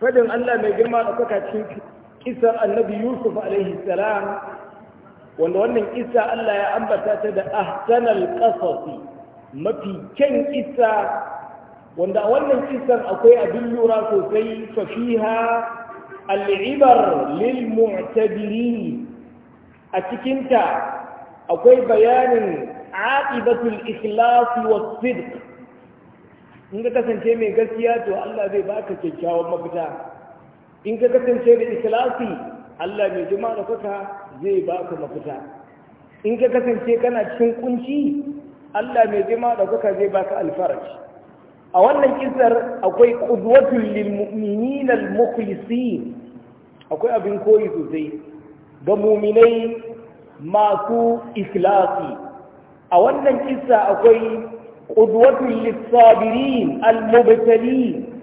fadin Allah mai girma da cikin kisar annabi Yusuf alaihi salam wanda wannan kisa Allah ya ambata ta da ahsanal qasasi mafi kyan kisa wanda a wannan kisan akwai abin lura sosai fa fiha al'ibar lil mu'tabirin a cikinta akwai bayanin aqibatul ikhlas was sidq in ka kasance mai gaskiya to Allah zai baka kyakkyawan mafita in ka kasance da ikhlasi Allah mai jima da kuka zai baka mafita in ka kasance kana cikin kunci Allah mai jima da kuka zai baka alfaraj a wannan kisar akwai qudwatul lil mu'minin al mukhlisin akwai abin koyi sosai ga mu'minai masu ikhlasi a wannan kisa akwai qudwatun lissabirin al-mubtalin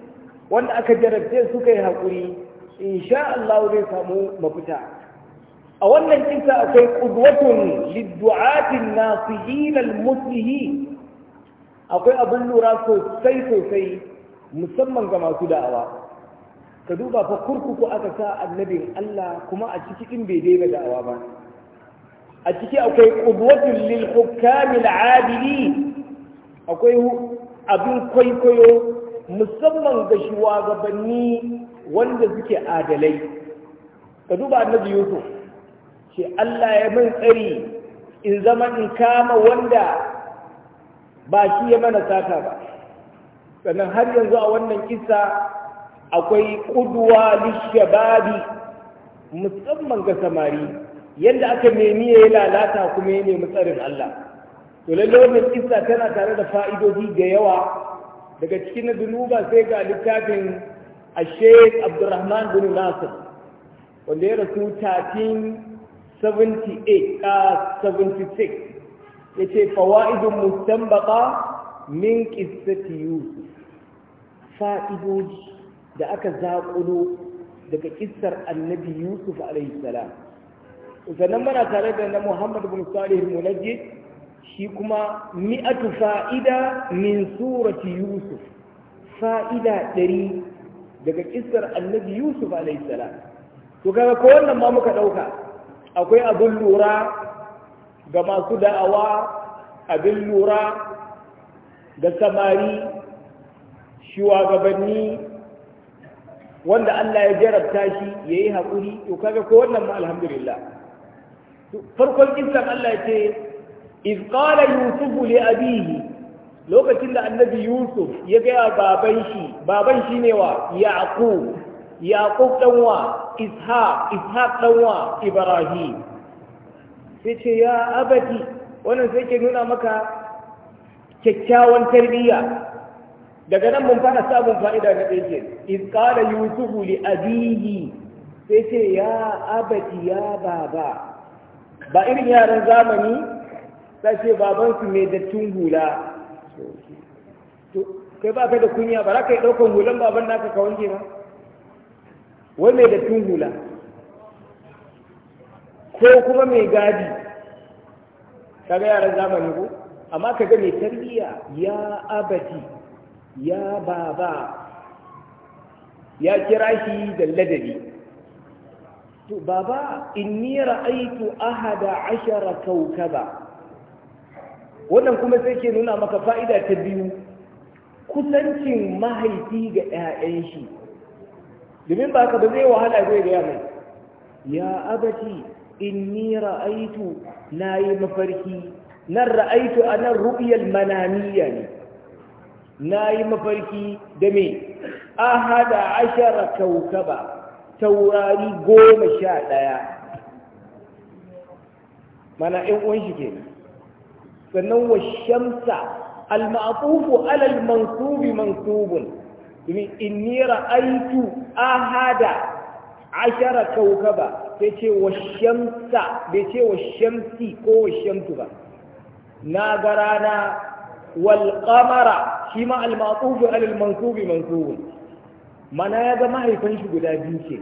wanda aka jarabce suka yi haƙuri, insha Allah zai samu mafita a wannan kisa akwai ƙudwatun lid-du'atin nasihin al akwai abin lura sosai sosai musamman ga masu da'awa ka duba fa kurkuku aka sa annabin Allah kuma a ciki din bai daina da'awa ba a ciki akwai ƙudwatun lil hukkamil adili akwai abin kwaikwayo musamman ga shugabanni wanda suke adalai ka duba annabi yusuf ce Allah ya min tsari in zama in kama wanda ba shi ya mana sata ba sannan har yanzu a wannan kisa akwai kuduwa lishababi musamman ga samari yadda aka nemi ya lalata kuma ya nemi tsarin Allah to lallai wannan kissa tana tare da fa'idodi da yawa daga cikin na dunuba sai ga littafin ashe abdurrahman bin nasir wanda ya rasu 1378 ka 76 ya ce fawa'idun mustambaka min kissati yusuf fa'idoji da aka zaƙulo daga kissar annabi yusuf alaihi salam sannan mana tare da na muhammad bin salih munajjid shi kuma mi'atu fa'ida min surati yusuf fa'ida ɗari daga kissar annabi yusuf alaihissalam to kaga ko wannan ma muka ɗauka akwai abin lura ga masu da'awa abin lura ga samari shugabanni wanda Allah ya jarabta shi ya yi haƙuri to kaga ko wannan ma alhamdulillah farkon kisan Allah ya ce iz yusuf li abihi lokacin da annabi yusuf ya ga baban shi baban shi ne wa yaqub yaqub dan wa ishaq ishaq ibrahim sai ce ya abati wannan sai ke nuna maka kyakkyawan tarbiyya daga nan mun fara samun fa'ida na ɗaya ce yusuf li abihi sai ce ya abati ya baba ba irin yaran zamani za ce babansu mai dattin hula kai ba ka da kunya ba za ka yi ɗaukan hulan baban naka ka wanke ba wai mai dattin hula ko kuma mai gadi kaga yaran zamani ko amma kaga mai tarbiyya ya abati ya baba ya kira shi da ladabi to baba inni ra'aytu ahada ashara kawkaba wannan kuma sai ke nuna maka fa'ida ta biyu kusancin mahaifi ga 'ya'yan shi domin ba ka ba zai wahala zai gaya mai ya abati ni ra'aitu na yi mafarki nan ra'aitu a nan ru'iyar mananiya ne na yi mafarki da me ahada ashara kaukaba taurari goma sha ɗaya mana ‘yan’uwan shi kenan sannan wa shamsa al-ma'tufu ala al-mansubi mansubun domin inni ra'aitu ahada ashara kaukaba sai ce wa shamsa bai ce wa shamsi ko wa shamtu ba na ga rana wal qamara shi ma al-ma'tufu ala al-mansubi mansubun mana ya ga mahaifin shi guda biyu ke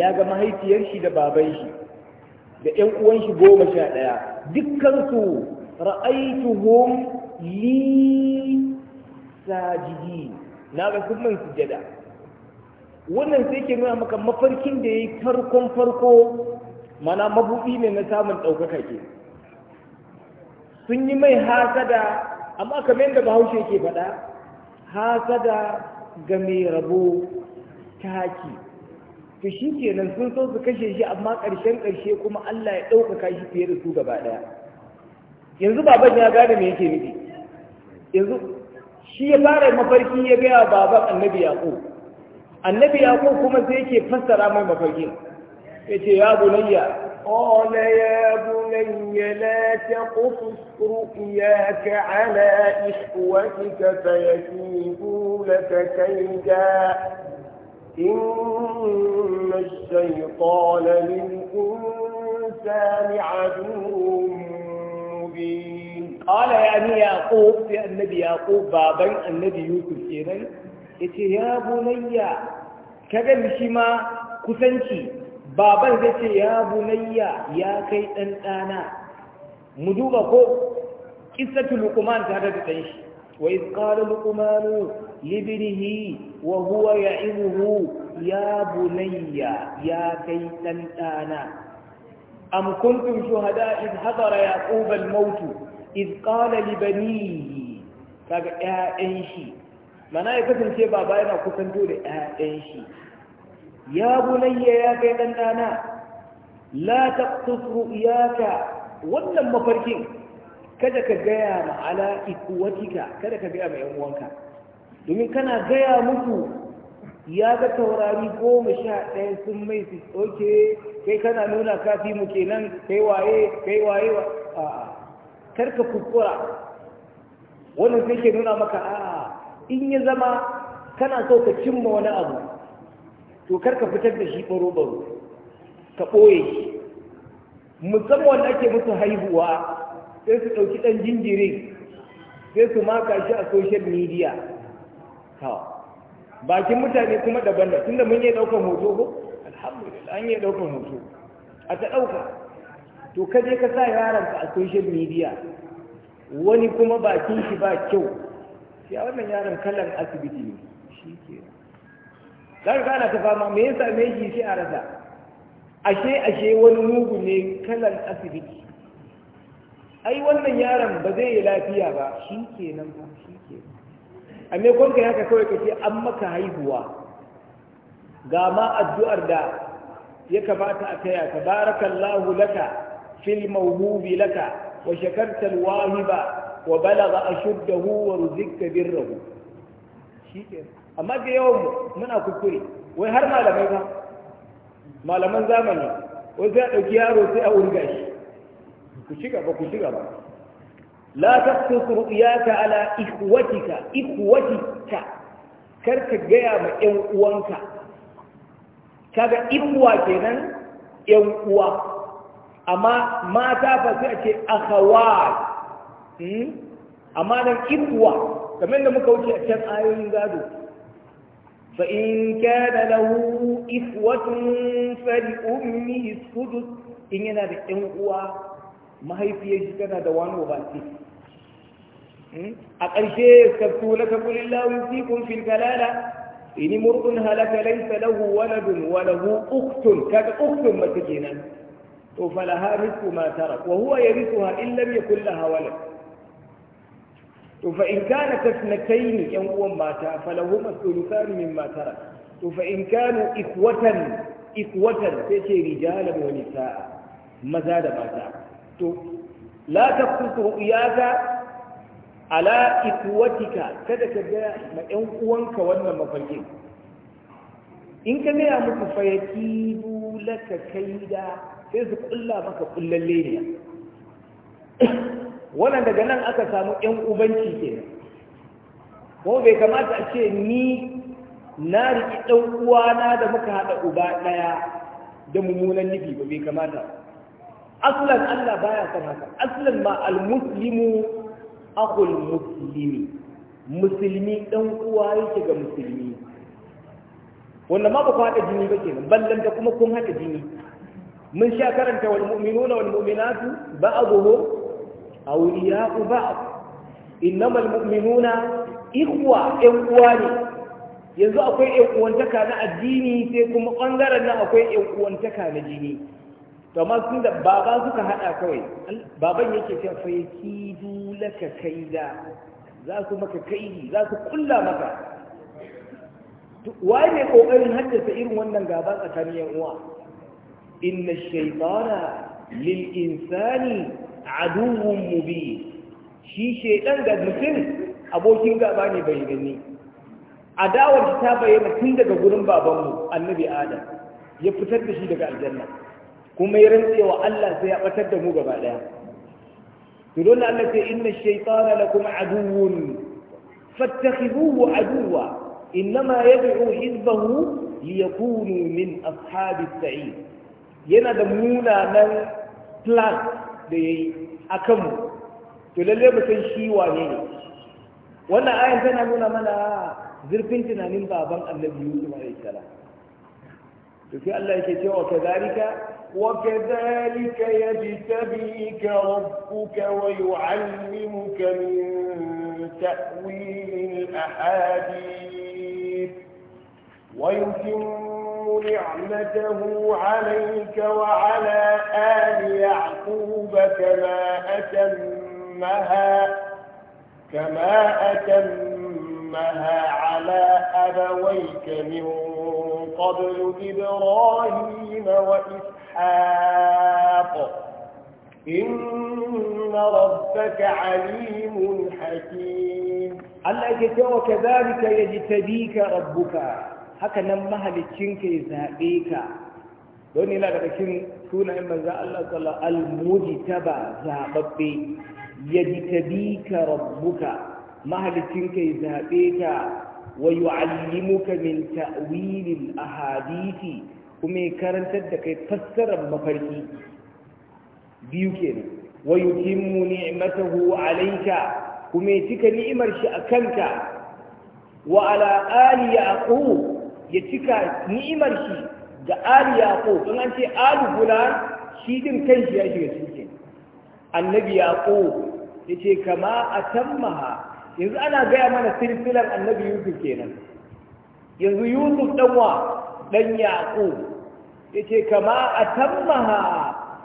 ya ga mahaifiyar shi da baban shi da ‘yan uwan shi goma sha ɗaya dukkansu ra'aituhum li sajidi na ga sun man sujada wannan sai ke nuna maka mafarkin da ya yi farkon farko mana mabuɗi ne na samun ɗaukaka ke sun yi mai hasada amma kamar yadda bahaushe ke faɗa hasada ga mai rabo taki to shi kenan sun so su kashe shi amma ƙarshen ƙarshe kuma Allah ya ɗaukaka shi fiye da su gaba ɗaya yanzu baban ya gane me yake nufi yanzu shi ya fara mafarki ya gaya baban annabi yaƙo annabi yaƙo kuma sai yake fassara mai mafarki ya ce ya bunayya قال يا بني لا تقصص رؤياك على إخوتك فيكيدوا لك كيدا إن الشيطان للإنسان عدو مبين قال يعني ياقوب يا النبي ياقوب بابين النبي يوسف إذن إتي يا بني كذل شما كسنتي بابين يتي يا بني يا كي أنتانا مدوبة فوق قصة لقمان تهدد تنشي وإذ قال لقمان لابنه وهو يعظه يا بني يا كيتن أنا أم كنتم شهداء إذ حضر يعقوب الموت إذ قال لبنيه كأن شيء mana ya kasance baba yana kusanto da 'ya'yan shi ya bunayya ya kai ɗan ɗana la wannan mafarkin kada ka gaya ma ala kada ka gaya ma yan domin kana gaya muku ya ga taurari goma sha ɗaya sun mai su oke kai kana nuna kafi mu kenan kai waye kai waye a karka kuskura wannan sai ke nuna maka a in ya zama kana so ka cimma wani abu to karka fitar da shi baro-baro ka ɓoye shi musamman wanda ake musu haihuwa sai su ɗauki ɗan jinjirin sai su maka shi a social media bakin mutane kuma daban da tunda mun yi ɗaukar hoto ko alhamdulillah an yi ɗaukar hoto a ta ɗauka to ka je ka sa yaron ka a social media wani kuma bakin shi ba kyau sai a wannan yaron kallon asibiti ne shi ke ka kana ta fama me yasa me shi sai a rasa ashe ashe wani mugu ne kallon asibiti ai wannan yaron ba zai yi lafiya ba shi kenan ba shi kenan a kun kai haka kawai kace an maka haihuwa ga ma addu'ar da ya kamata a taya tabarakallahu laka fil mawhubi laka wa shakarta alwahiba wa balagha ashuddahu wa ruzikta birrahu shikenan amma da yawan muna kuskure wai har malamai ba malaman zamani wai sai a ɗauki yaro sai a wurga shi ku shiga ba ku shiga ba la taqtus ru'yaka ala ikhwatika ikhwatika karka gaya ma ƴan uwanka kaga ikhwa kenan ƴan uwa amma mata fa sai a ce akhawat amma nan ikhwa kamar da muka wuce a can ayoyin gado فإن كان له إخوة فلأمه السدس إن ينادي أنقوى ما هي في يجتنا دوان وغاتي Hmm? a ƙarshe sabtu na kabulin lawun sikun fil kalala ini mur'un halaka laisa lahu waladun wa lahu uktun kaga uktun mace kenan to falaha rizqu ma tarak wa huwa yarithuha in lam yakul laha walad to fa in kana kasnatayn yan uwan mata falahuma thuluthan mimma tarak to fa in kanu ikwatan ikwatan sai ce rijalan wa nisaa maza da mata to la taqtu ru'yaka ala ikuwatika kada ka gaya ma ƴan uwanka wannan mafarkin in ka gaya muku fayaki laka kaida sai su kulla maka kullalle leniya. wannan daga nan aka samu ƴan ubanci ke ko bai kamata a ce ni na riƙi ɗan uwana da muka haɗa uba ɗaya da mummunan nufi ba bai kamata aslan Allah baya son haka aslan ma muslimu akul muslimi musulmi dan uwa yake ga musulmi wannan ma ba ku haɗa jini ba kenan ballanta kuma kun haɗa jini mun sha karanta wal mu'minuna wal mu'minatu ba'dhuhum awliya'u ba'd innamal mu'minuna ikhwa ɗan uwa ne yanzu akwai ɗan uwantaka na addini sai kuma ɓangaren nan akwai ɗan uwantaka na jini to sun da baba suka haɗa kawai baban yake cewa fa yakidu laka kaida za su maka kaidi za su kulla maka waye ne kokarin haddasa irin wannan gaba tsakanin yan uwa inna shaytana lil insani aduwwun Mubi, shi shaydan ga mutum abokin gaba ne bai gani adawar ta bayyana tun daga gurin babanmu annabi adam ya fitar da shi daga aljanna kuma ya rantse wa Allah sai ya batar da mu gaba daya to don Allah sai inna shaytana lakum aduwwun fattakhibuhu aduwwa innama yad'u hizbahu liyakunu min ashabi sa'id yana da munanan plan da yayi akan mu to lalle mu san shi wane ne wannan ayan tana nuna mana zurfin tunanin baban annabi yusuf alaihi salam to sai Allah yake cewa kadalika وكذلك يجتبيك ربك ويعلمك من تأويل الأحاديث ويتم نعمته عليك وعلى آل يعقوب كما أتمها كما أتمها على أبويك من قبل إبراهيم وإسحاق إسحاق إن ربك عليم حكيم الله يتوى وكذلك يجتبيك ربك ya zaɓe ka, don yana daga cikin sunayen manzan Allah sallallahu almujtaba zababbe yajtabika rabbuka mahalicin kai zaɓe ka wa yu'allimuka min ta'wilil ahadithi kuma ya karantar da kai fassarar mafarki biyu kenan wa yutimmu ni'matahu alayka kuma ya cika ni'imar shi a kanka wa ala ali yaqub ya cika ni'imar shi ga ali yaqub in an ce ali fulan shi din kanshi ya shiga cikin annabi yaqub yace kama atammaha yanzu ana gaya mana silsilar annabi yusuf kenan yanzu yusuf dan wa dan yaqub yace kama atammaha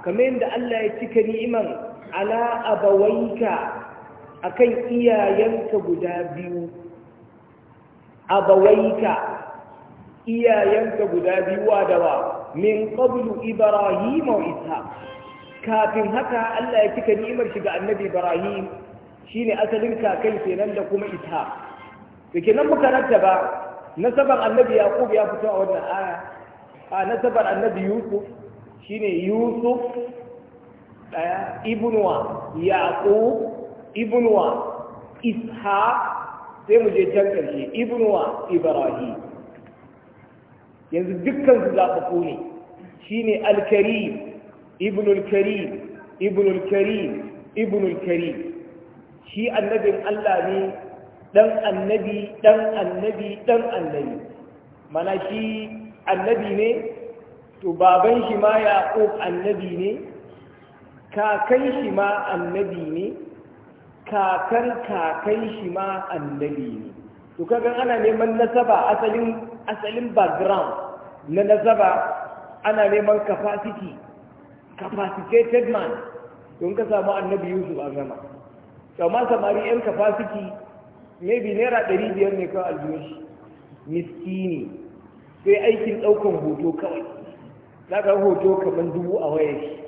kamar yadda Allah ya cika ni'iman ala abawaika akan iyayenka guda biyu abawaika iyayenka guda biyu wadawa min qablu ibrahim wa ishaq kafin haka Allah ya cika ni'imar shi ga annabi ibrahim shine asalin kakan kenan da kuma ita. to kenan muka rattaba nasaban annabi yaqub ya fito a wannan aya a nasabar annabi yusuf shine yusuf daya ibnuwa yaqub ibnuwa sai mu je can ƙarshe. ibnuwa ibrahim yanzu dukkan su zaɓaɓɓu ne shine alkarim ibnul karim ibnul karim ibnul karim shi annabin Allah ne dan annabi dan annabi dan annabi mana shi annabi ne to baban shi ma yaqub annabi ne kakan shi ma annabi ne kakan kakan shi ma annabi ne to kaga ana neman nasaba asalin asalin background na nasaba ana neman capacity capacitated man don ka samu annabi yusuf a gama amma samari yan capacity maybe naira ɗari biyar ne kawai aljihun shi miskini sai aikin ɗaukan hoto kawai za ka hoto kamar dubu a wayar shi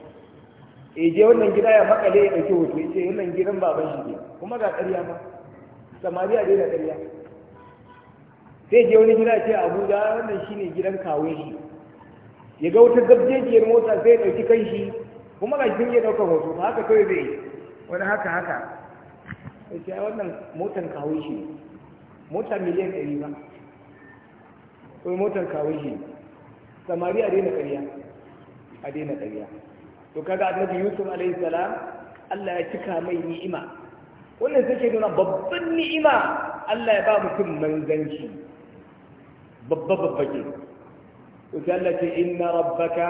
e je wannan gida ya makale ya ɗauki hoto ya ce wannan gidan baban shi ne kuma ga ƙarya ma samariya dai da ƙarya sai je wani gida ce abuja wannan shi ne gidan kawai shi ya ga wata gabjejiyar mota sai ya ɗauki kan shi kuma ga shi ya ɗaukan hoto ba haka kawai zai wani haka haka ya ce wannan motan kawai shi ne mota miliyan ɗari ba wai motar kawai shi samari a daina ƙarya a daina ƙarya to kaga annabi yusuf alaihi salam Allah ya cika mai ni'ima wannan take nuna babban ni'ima Allah ya ba mutum manzanci babba babba ke to sai Allah ce inna rabbaka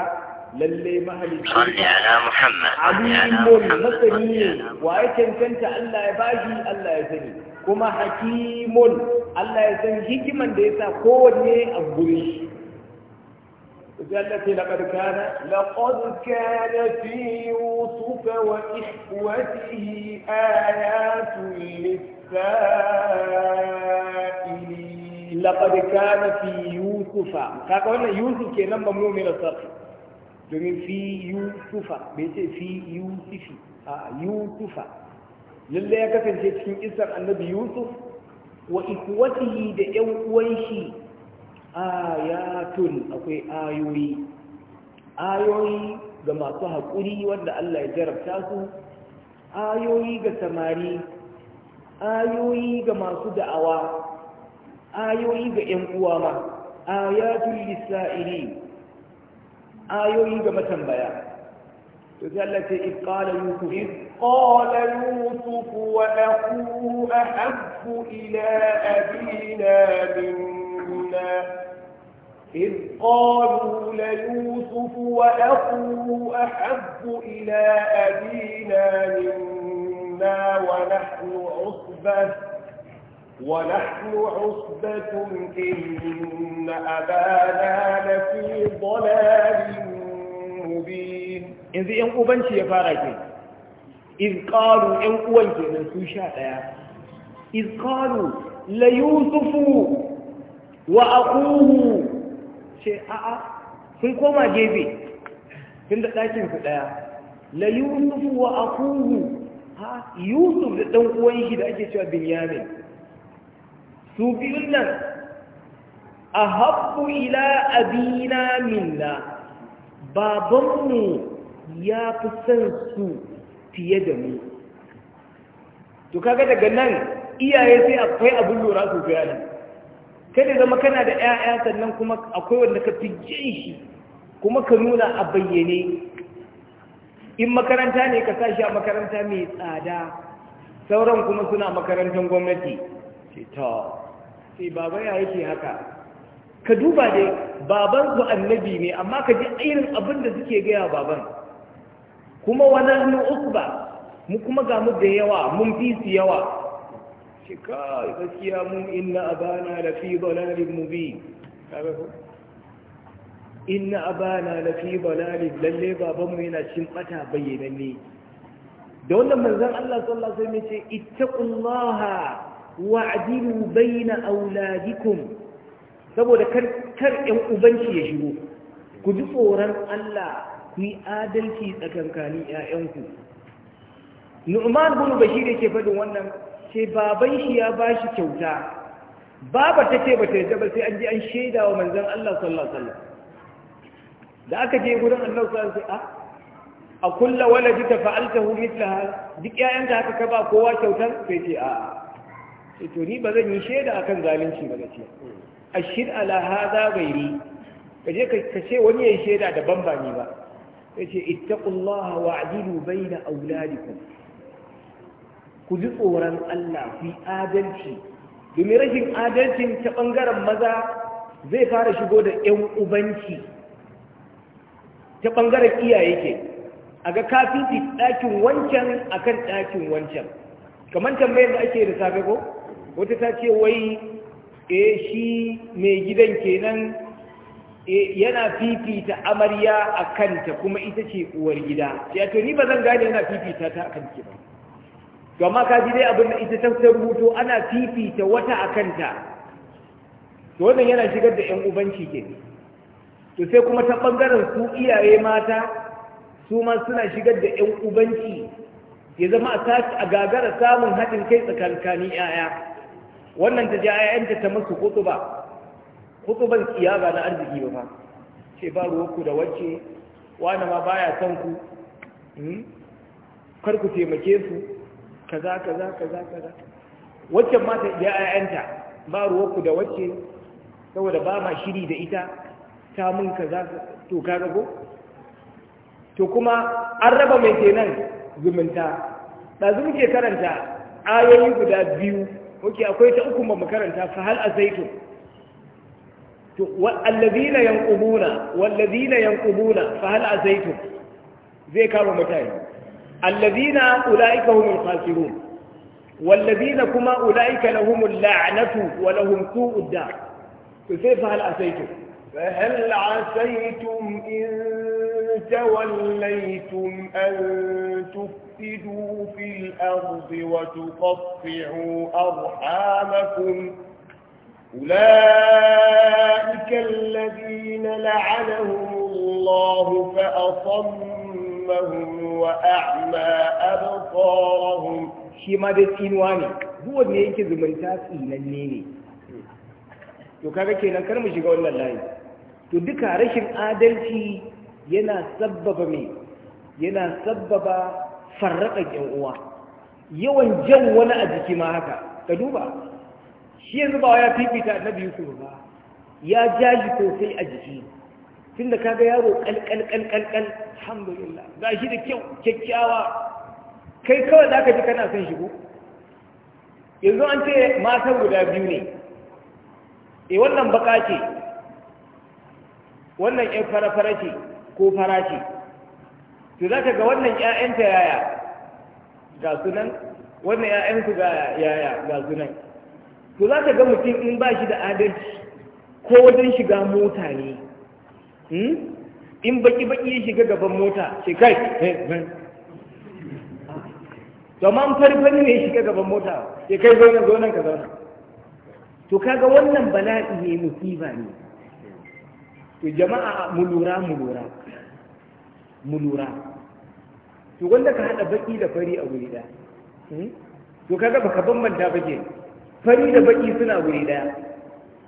lalle mahalicci salli ala muhammad alimun masani ne wa ya cancanta Allah ya bashi Allah ya sani kuma hakimun Allah ya san hikiman da ya sa kowanne a guri التي لقد كان لقد كان في يوسف وإخوته آيات للسائلين لقد كان في يوسف كاكونا يوسف كي ممنوع من الصرف دومين في يوسف بيت في يوسف آه يوسف lalle ya kasance cikin isar annabi yusuf wa ikwatihi da yan uwan shi ayatun akwai ayoyi ayoyi ga masu haƙuri wanda Allah ya jarabta su ayoyi ga samari ayoyi ga masu da'awa ayoyi ga 'yan uwa ma ayatul lisa'ili ayoyi ga matambaya to sai Allah ce iqala yusuf قال يوسف وأخوه أحب إلى أبينا منا إذ قالوا ليوسف وأخوه أحب إلى أبينا منا ونحن عصبة ونحن عصبة إن أبانا لفي ضلال مبين إذ أن أبنشي يا فارجين izkaru ‘yan uwan kenan su sha ɗaya izkaru la yusufu wa akuhu ce a'a sun koma gefe tun da ɗakin su ɗaya la yusufu wa akuhu ha yusuf da ɗan uwan shi da ake cewa binyamin su biyun nan a haɓu ila abina minna babanmu ya fi son su fiye da mu to kaga daga nan iyaye sai akwai abin lura sosai a nan kada zama kana da 'ya'ya sannan kuma akwai wanda ka fi jin shi kuma ka nuna a bayyane in makaranta ne ka sa a makaranta mai tsada sauran kuma suna makarantar gwamnati ce sai baba ya yake haka ka duba dai baban annabi ne amma ka ji irin abin da suke gaya baban kuma wannan uku ba, mu kuma ga mu da yawa mun fi su yawa ce kai gaskiya mun inna abana da fi dalalin mubin inna abana da fi dalalin lalle baban mu yana cin bata bayyananne da wannan manzon Allah sallallahu alaihi wasallam ya ce ittaqullaha wa'dilu baina auladikum saboda kar kar yan ubanci ya shigo ku ji tsoron Allah ku yi adalci tsakankanin ‘ya'yanku nu'man bin bashir ke faɗin wannan sai baban shi ya ba shi kyauta baba ta ce ba ta yadda ba sai an ji an shaida wa manzan Allah sallallahu alaihi da aka je gurin Allah sallallahu alaihi wasallam a kulla waladi ta fa'altahu mithlaha duk ƴaƴan da aka kaba kowa kyautar sai ce a sai to ni ba zan yi shaida a kan zalunci ba gaci ashir ala hadha bai kaje ka je ka ce wani ya yi shaida daban ba ni ba yace ittaqullaha wa'dilu baina auladikum ku ji tsoron Allah ku adalci domin rashin adalcin ta bangaren maza zai fara shigo da 'yan ubanci ta bangaren iyaye ke a ga kafinci ɗakin wancan akan ɗakin wancan kamar tambayar da ake da safe ko wata ta ce wai eh shi mai gidan kenan Eh, yana fifita amarya a kanta kuma ita ce uwar gida ya to ni ba zan gane yana fifita ta a kanta ba gama ka ji dai abin da ita ta rubuto ana fifita wata a kanta to wannan yana shigar da yan ubanci ke to sai kuma ta bangaren su iyaye mata su ma suna shigar da yan ubanci ya zama a gagara samun haɗin kai tsakanin 'ya'ya wannan ta ja 'ya'yanta ta musu kutuba hutuban kiya ba na arziki ba ce ba ruwanku da wacce wani ma baya son ku hmm? kar ku taimake su kaza kaza kaza kaza wacce ma ta iya ayyanta ba ruwanku da wacce saboda ba ma shiri da ita ta mun kaza to kaga ko to kuma an raba mai kenan zumunta ɗazu muke karanta ayoyi guda biyu ok akwai ta uku ba mu karanta fa hal azaitun والذين ينقبون والذين ينقبون فهل عزيتم زي كانوا متاعين الذين أولئك هم الخاسرون والذين كما أولئك لهم اللعنة ولهم سوء الدار زي فهل عزيتم فهل عسيتم إن توليتم أن تفتدوا في الأرض وَتُقَطِعُوا أرحامكم أولئك الذين لعنهم الله فأصمهم وأعمى أبصارهم شما دي تينواني هو ne yake zumunta tsinanne ne to kaga kenan kar mu shiga wannan layi to duka rashin adalci yana sabbaba me yana sabbaba farraka yan uwa yawan jan wani a jiki ma haka ka duba shi yanzu ba ya fifita annabi yusuf ba ya ja shi sosai a jiki tun da kaga yaro kalkal kalkal alhamdulillah ga shi da kyau kyakkyawa kai kawai za ka ji kana son shigo yanzu an ce matan guda biyu ne e wannan baka ce wannan yan fara-fara ce ko fara ce to za ka ga wannan 'ya'yanta yaya ga sunan wannan 'ya'yansu ga yaya ga sunan to za ka ga mutum in ba shi da adalci ko wajen shiga mota ne hmm? in baki-baki ya shiga gaban mota ce kai domin farfani ne ya shiga gaban mota ya kai zonan zaunan ka zauna to kaga wannan bala'i ne musiba ne to jama'a mu lura mu lura mu lura to wanda ka hada baki da fari a wuri da hmm? to kaga baka bambanta ba ke fari da baki suna guri daya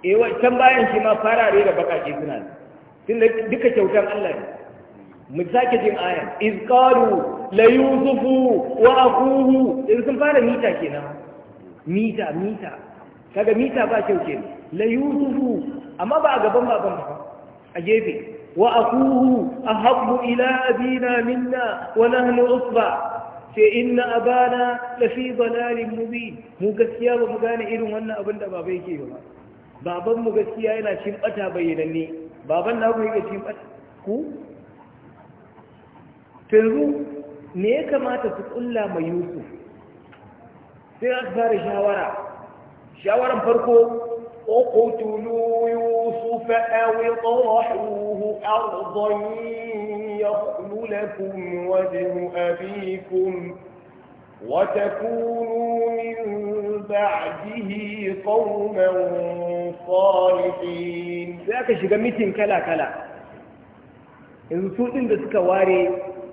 eh wancan bayan shi ma farare da bakake suna tunda duka kyautan Allah ne mu sake jin ayan iz qalu la yusufu wa akuhu in sun fara mita kenan mita mita kaga mita ba kyau kenan la yusufu amma ba a gaban baban ba a gefe wa akuhu ahabbu ila abina minna wa nahnu usba ce inna abana lafi balalin mubi mu gaskiya ba mu gane irin wannan abin da baba yake ba baban mu gaskiya yana cin bata bayyananne baban na ku yake cin bata ku yanzu me ya kamata su kulla mai yusuf sai aka fara shawara shawaran farko o ko tulu فأو طرحوه أرضا يخل لكم وجه أبيكم وتكونوا من بعده قوما صالحين لا تشيك ميتين كلا كلا إن سوء إن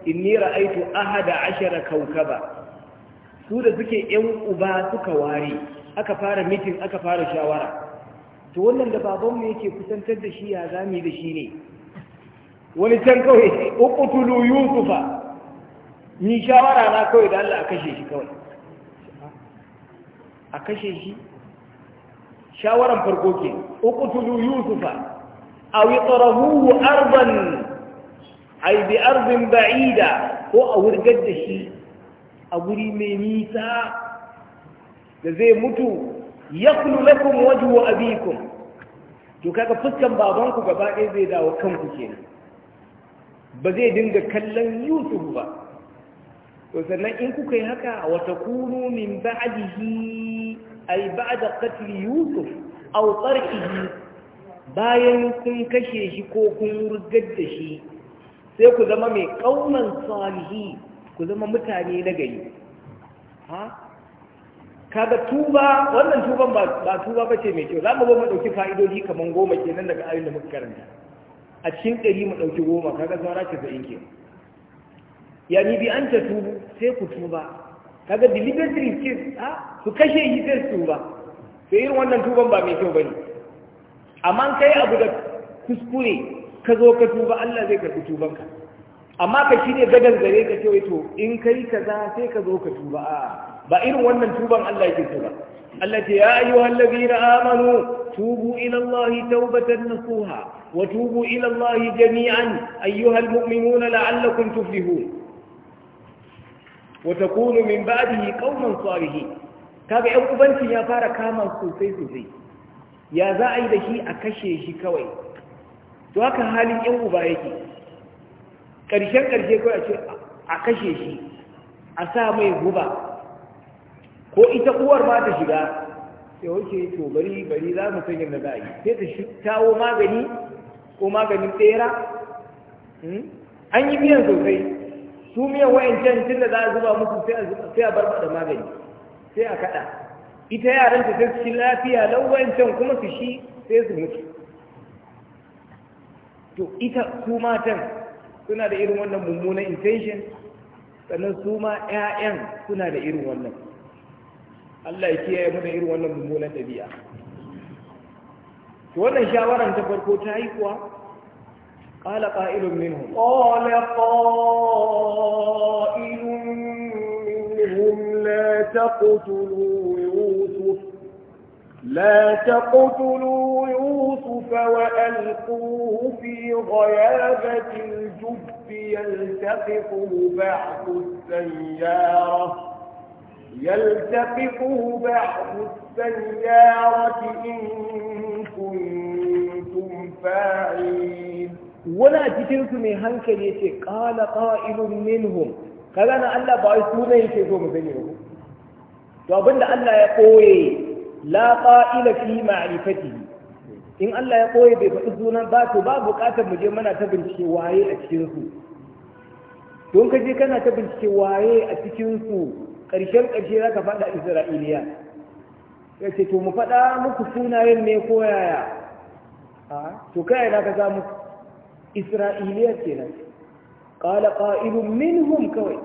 إني رأيت أحد عشر كوكبا سوء تكي إن أبا تكواري أكفار ميتين أكفار شاورا to wannan da babanmu yake kusantar da shi ya zami da shi ne wani can kawai uqtulu yusufa ni shawara na kawai da Allah a kashe shi kawai a kashe shi shawaran farko ke uqtulu yusufa aw yatrahuhu ardan ay bi ardin ba'ida ko a wurgar da shi a guri mai nisa da zai mutu ya yaklu lakum wajhu abikum to kaga fuskan babanku gaba ɗaya zai dawo kanku kenan ba zai dinga kallon yusuf ba to sannan in kuka yi haka wa kunu min ba'dihi ay ba'da qatl yusuf aw tarkihi bayan kun kashe shi ko kun rugar da shi sai ku zama mai kaunan salihi ku zama mutane na gari ha kaga tuba wannan tuban ba tuba ba ce mai kyau za mu zo mu ɗauki fa'idodi kamar goma kenan daga ayoyin da muka karanta a cikin ɗari mu ɗauki goma kaga saura ce za'in ke ni bi an ta tubu sai ku tuba kaga deliberately ce ha su kashe yi sai su tuba sai irin wannan tuban ba mai kyau bane amma kai abu da kuskure ka zo ka tuba Allah zai karɓi tubanka amma ka shirya gadan gare ka ce to in kai kaza sai ka zo ka tuba a'a ba irin wannan tuban Allah yake so ba Allah ce ya ayyuhal ladina amanu tubu ila Allah tawbatan nasuha wa tubu ila Allah jami'an ayyuhal mu'minuna la'allakum tuflihun wa takunu min ba'dihi qauman salihin kaga yan ubancin ya fara kama sosai sosai ya za a yi da shi a kashe shi kawai to haka halin yan uba yake ƙarshen ƙarshe kawai a ce a kashe shi a sa mai guba ko ita uwar ma ta shiga sai wace to bari bari za mu sanya na za yi sai ta tawo magani ko maganin tsera hmm? an yi biyan sosai su miyan wayancan tun da za a zuba musu sai a bar da magani sai a kaɗa ita yaran ta sai cikin lafiya lau wayancan kuma su shi sai su mutu to ita su matan suna da irin wannan mummunan intention sannan su ma 'ya'yan suna da irin wannan Allah ya kiyaye mu da irin wannan mummunan ɗabi'a to wannan shawaran ta farko ta yi kuwa qala qa'ilun minhu. qala qa'ilun minhum la taqtulu yusuf لا تقتلوا يوسف وألقوه في غيابة الجب يلتقطه بعض السيارة يلتقطه بعض السيارة إن كنتم فاعلين ولا تجلس من هنكلي قال قائل منهم قال أنا ألا بعثونا يكيزون بينهم فأبن ألا يقول لا قائل في معرفته in Allah ya koye bai faɗi sunan ba to ba buƙatar mu je mana ta bincike waye a cikin su don ka je kana ta bincike waye a cikin su ƙarshen ƙarshe za ka faɗa isra'iliya ya ce to mu faɗa muku sunayen ne ko yaya to kai na ka samu isra'iliya kenan qala min minhum kawai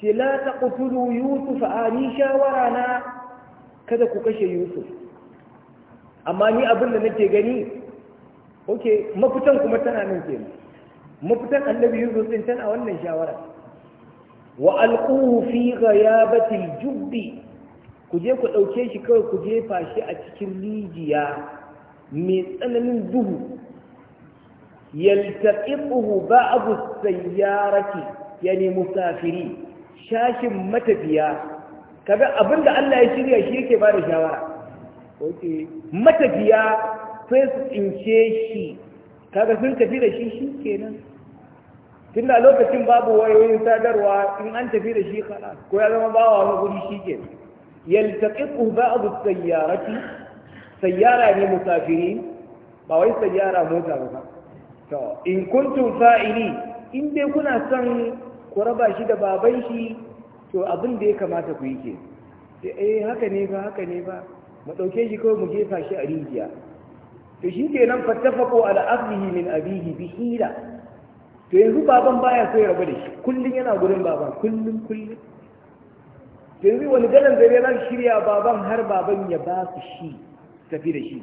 ce la ƙutulu yusuf ani shawara na kada ku kashe yusuf amma ni abin da nake gani Ok, mafitan kuma tana nan kenan mafitan annabi yusuf din tana wannan shawara wa alquhu fi ghayabati aljubbi ku je ku dauke shi kawai ku jefa shi a cikin rijiya mai tsananin duhu yaltaqiquhu ba'd as-sayyarati yani musafiri shashin matafiya kaga abinda Allah ya shirya shi yake bada shawara matafiya sai su tsince shi kaga sun tafi da shi shikenan tun da lokacin babu wayoyin sadarwa in an tafi da shi kana ko ya zama bawa na guri shi ke yaltaqiqu ba'd as-sayyarati sayyara ne musafiri ba wai sayyara mota ba to in kuntum fa'ili in dai kuna son ku raba shi da baban shi to abin da ya kamata ku yi ke eh haka ne ba haka ne ba mu dauke shi kawai mu jefa shi a rijiya to shi kenan fattafaqu ala abdihi min abihi bi hila to yanzu baban baya so ya rabu da shi kullum yana gurin baban kullum kullum yanzu wani ganin zai zai shirya baban har baban ya ba su shi tafi da shi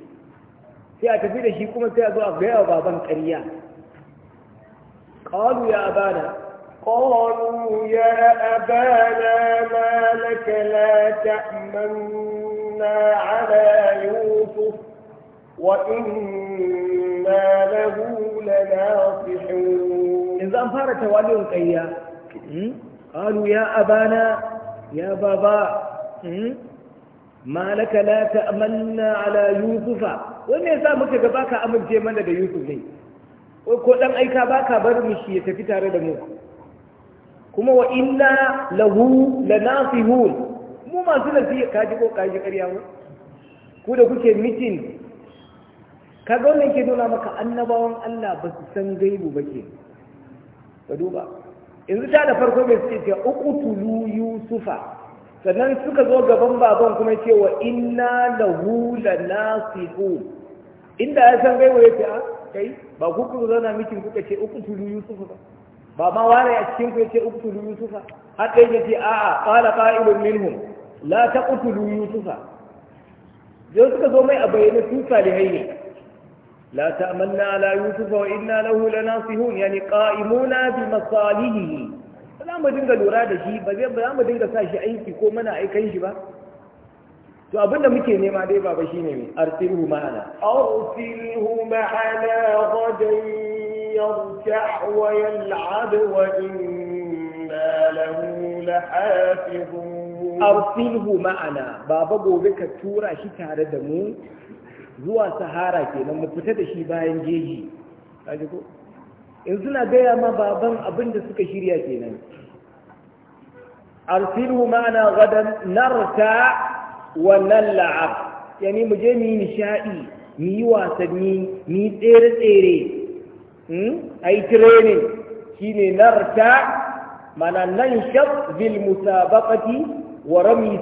sai a tafi da shi kuma sai a zo a gaya wa baban ƙarya ƙawalu ya abana ƙawalu ya abana ma laka la ta'manna ala yusuf وإنا fara لناصحون إذا أنفار توالي القيا قالوا ya أبانا يا بابا ما لك لا تأمنا على يوسف wani muka ga baka amince mana da Yusuf ne ko dan aika baka bar mu shi ya tafi tare da mu kuma wa inna lahu lanasihun mu masu nasiha kaji ko kaji ƙarya mu ku da kuke mitin kaga wannan ke nuna maka annabawan Allah ba su san gaibu ba ke ka duba yanzu ta da farko mai suke ce uqtulu yusufa sannan suka zo gaban baban kuma ce wa inna lahu lanasihun inda ya san gaibu ya ce a ah, kai ba ku ku na mikin kuka ce uqtulu yusufa ba ba ma ware a cikin ku ya ce uqtulu yusufa har dai ya ce a'a qala qa'ilun minhum la taqtulu yusufa yau suka zo mai a bayyana su da ne لا تأمنا على يوسف وإنا له لناصحون يعني قائمون بمصالحه فلا ما دنگا لورا da shi ba zai ba mu dinga sa shi aiki ko muna aikan shi ba to abinda muke nema dai baba shine me arsilhu ma'ana arsilhu ma'ana ghadan yarja' wa yal'ab wa inna lahu lahafizun arsilhu ma'ana baba gobe ka tura shi tare da mu zuwa sahara kenan mu fita da shi bayan jeji kaji ko in suna gaya ma baban abin da suka shirya kenan ma ma'ana gadan narta wa nal'ab yani mu je mu yi nishadi mu yi wasanni mu yi tsere-tsere hmm? a yi training shine narta mana nan shaf bil musabaqati wa rami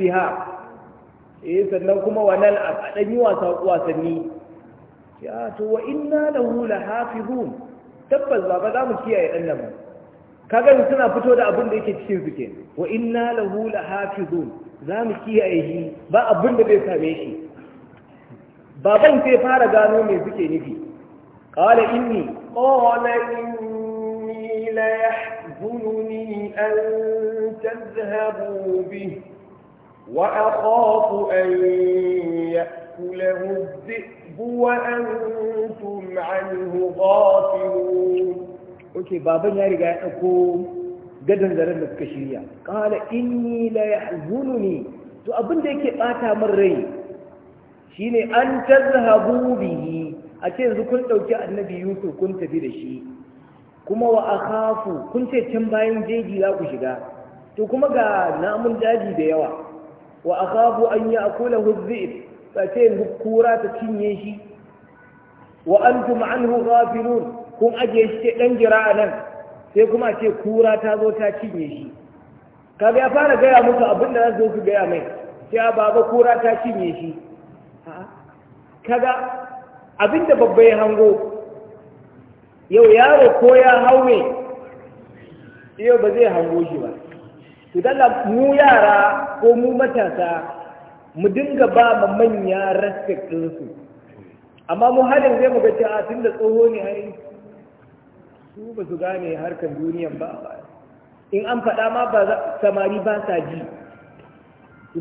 siha eh sannan kuma wannan a dan yi wasa wasanni ya to wa inna lahu lahafizun tabbas baba za mu kiyaye dan nan kaga suna fito da abin da yake cikin su ke wa inna lahu lahafizun za mu kiyaye shi ba abin da bai same shi baban sai fara gano me suke nufi قال إني قال إني ليحزنني أن تذهبوا به وأخاف أن يأكله الذئب وأنتم عنه غافلون أوكي بابا يا رجاء أقوم gadon zaren da suka shirya ƙala inni la yahzununi to abin da yake ɓata min rai shine an tazhabu bihi a ce yanzu kun ɗauki annabi yusuf kun tafi da shi kuma wa akhafu kun ce can bayan jeji za ku shiga to kuma ga namun daji da yawa wa akhafu an ya'kulahu adh-dhi'b fa sai kura ta cinye shi wa antum anhu ghafilun kun ajiye shi ce dan jira anan, sai kuma ce kura ta zo ta cinye shi kaga ya fara gaya musu abin da zo su gaya mai sai baba kura ta cinye shi kaga abinda da babba ya hango yau yaro ko ya haume yau ba zai hango shi ba to dalla mu yara ko mu matasa mu dinga ba ma manya respect su. amma mu halin zai mu ga cewa tun da tsoho ne ai su ba su gane harkar duniyan ba in an faɗa ma ba samari ba sa ji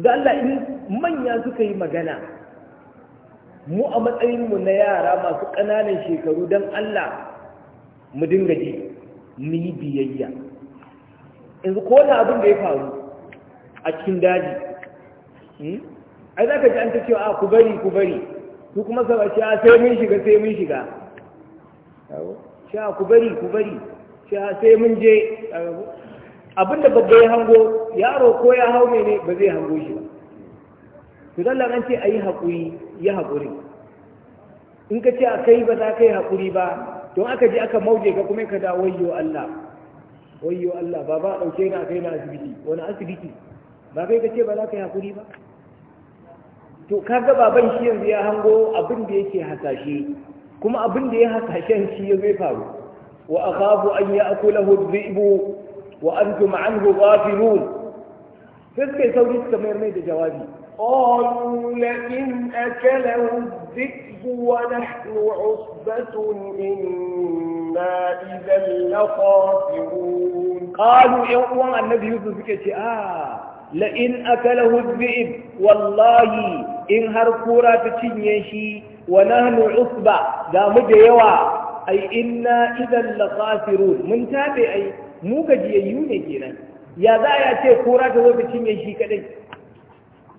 da Allah in manya suka yi magana mu a matsayinmu na yara masu ƙananan shekaru don Allah mu dinga ji mu yi biyayya yanzu ko wani abin da ya faru a cikin daji hmm? ai za ka ji an ta cewa a ah, ku bari ku bari su kuma saba cewa ah, sai mun shiga sai mun shiga cewa ah, ku bari ku bari cewa sai mun je abin da babba ya hango yaro ko ya hau ne ba zai hango shi ba su dalla an ce a yi haƙuri ya haƙuri in ka ce a kai ba za ka yi haƙuri ba don aka je aka mauje ka kuma ka dawo wa Allah yau Allah ba ba ni na kai na asibiti wani asibiti ba kai ce ba za ka yi haƙuri ba to kaga baban shi yanzu ya hango abin da yake hasashe kuma abin da ya hasashen shi ya zai faru wa akhafu an ya'kulahu dhi'bu wa antum anhu ghafilun sai suka yi sauri suka mayar mai da jawabi قالوا لئن أكله الذئب ونحن عصبة إنا إذا لخاسرون قالوا يوم النبي يوسف كتي آه لئن أكله الذئب والله إن هركورا تتنيشي ونحن عصبة دا يوا أي إنا إذا لخاسرون من تابعي مو gajiyayyu يوني kenan يا ذا يا ce kora ta zo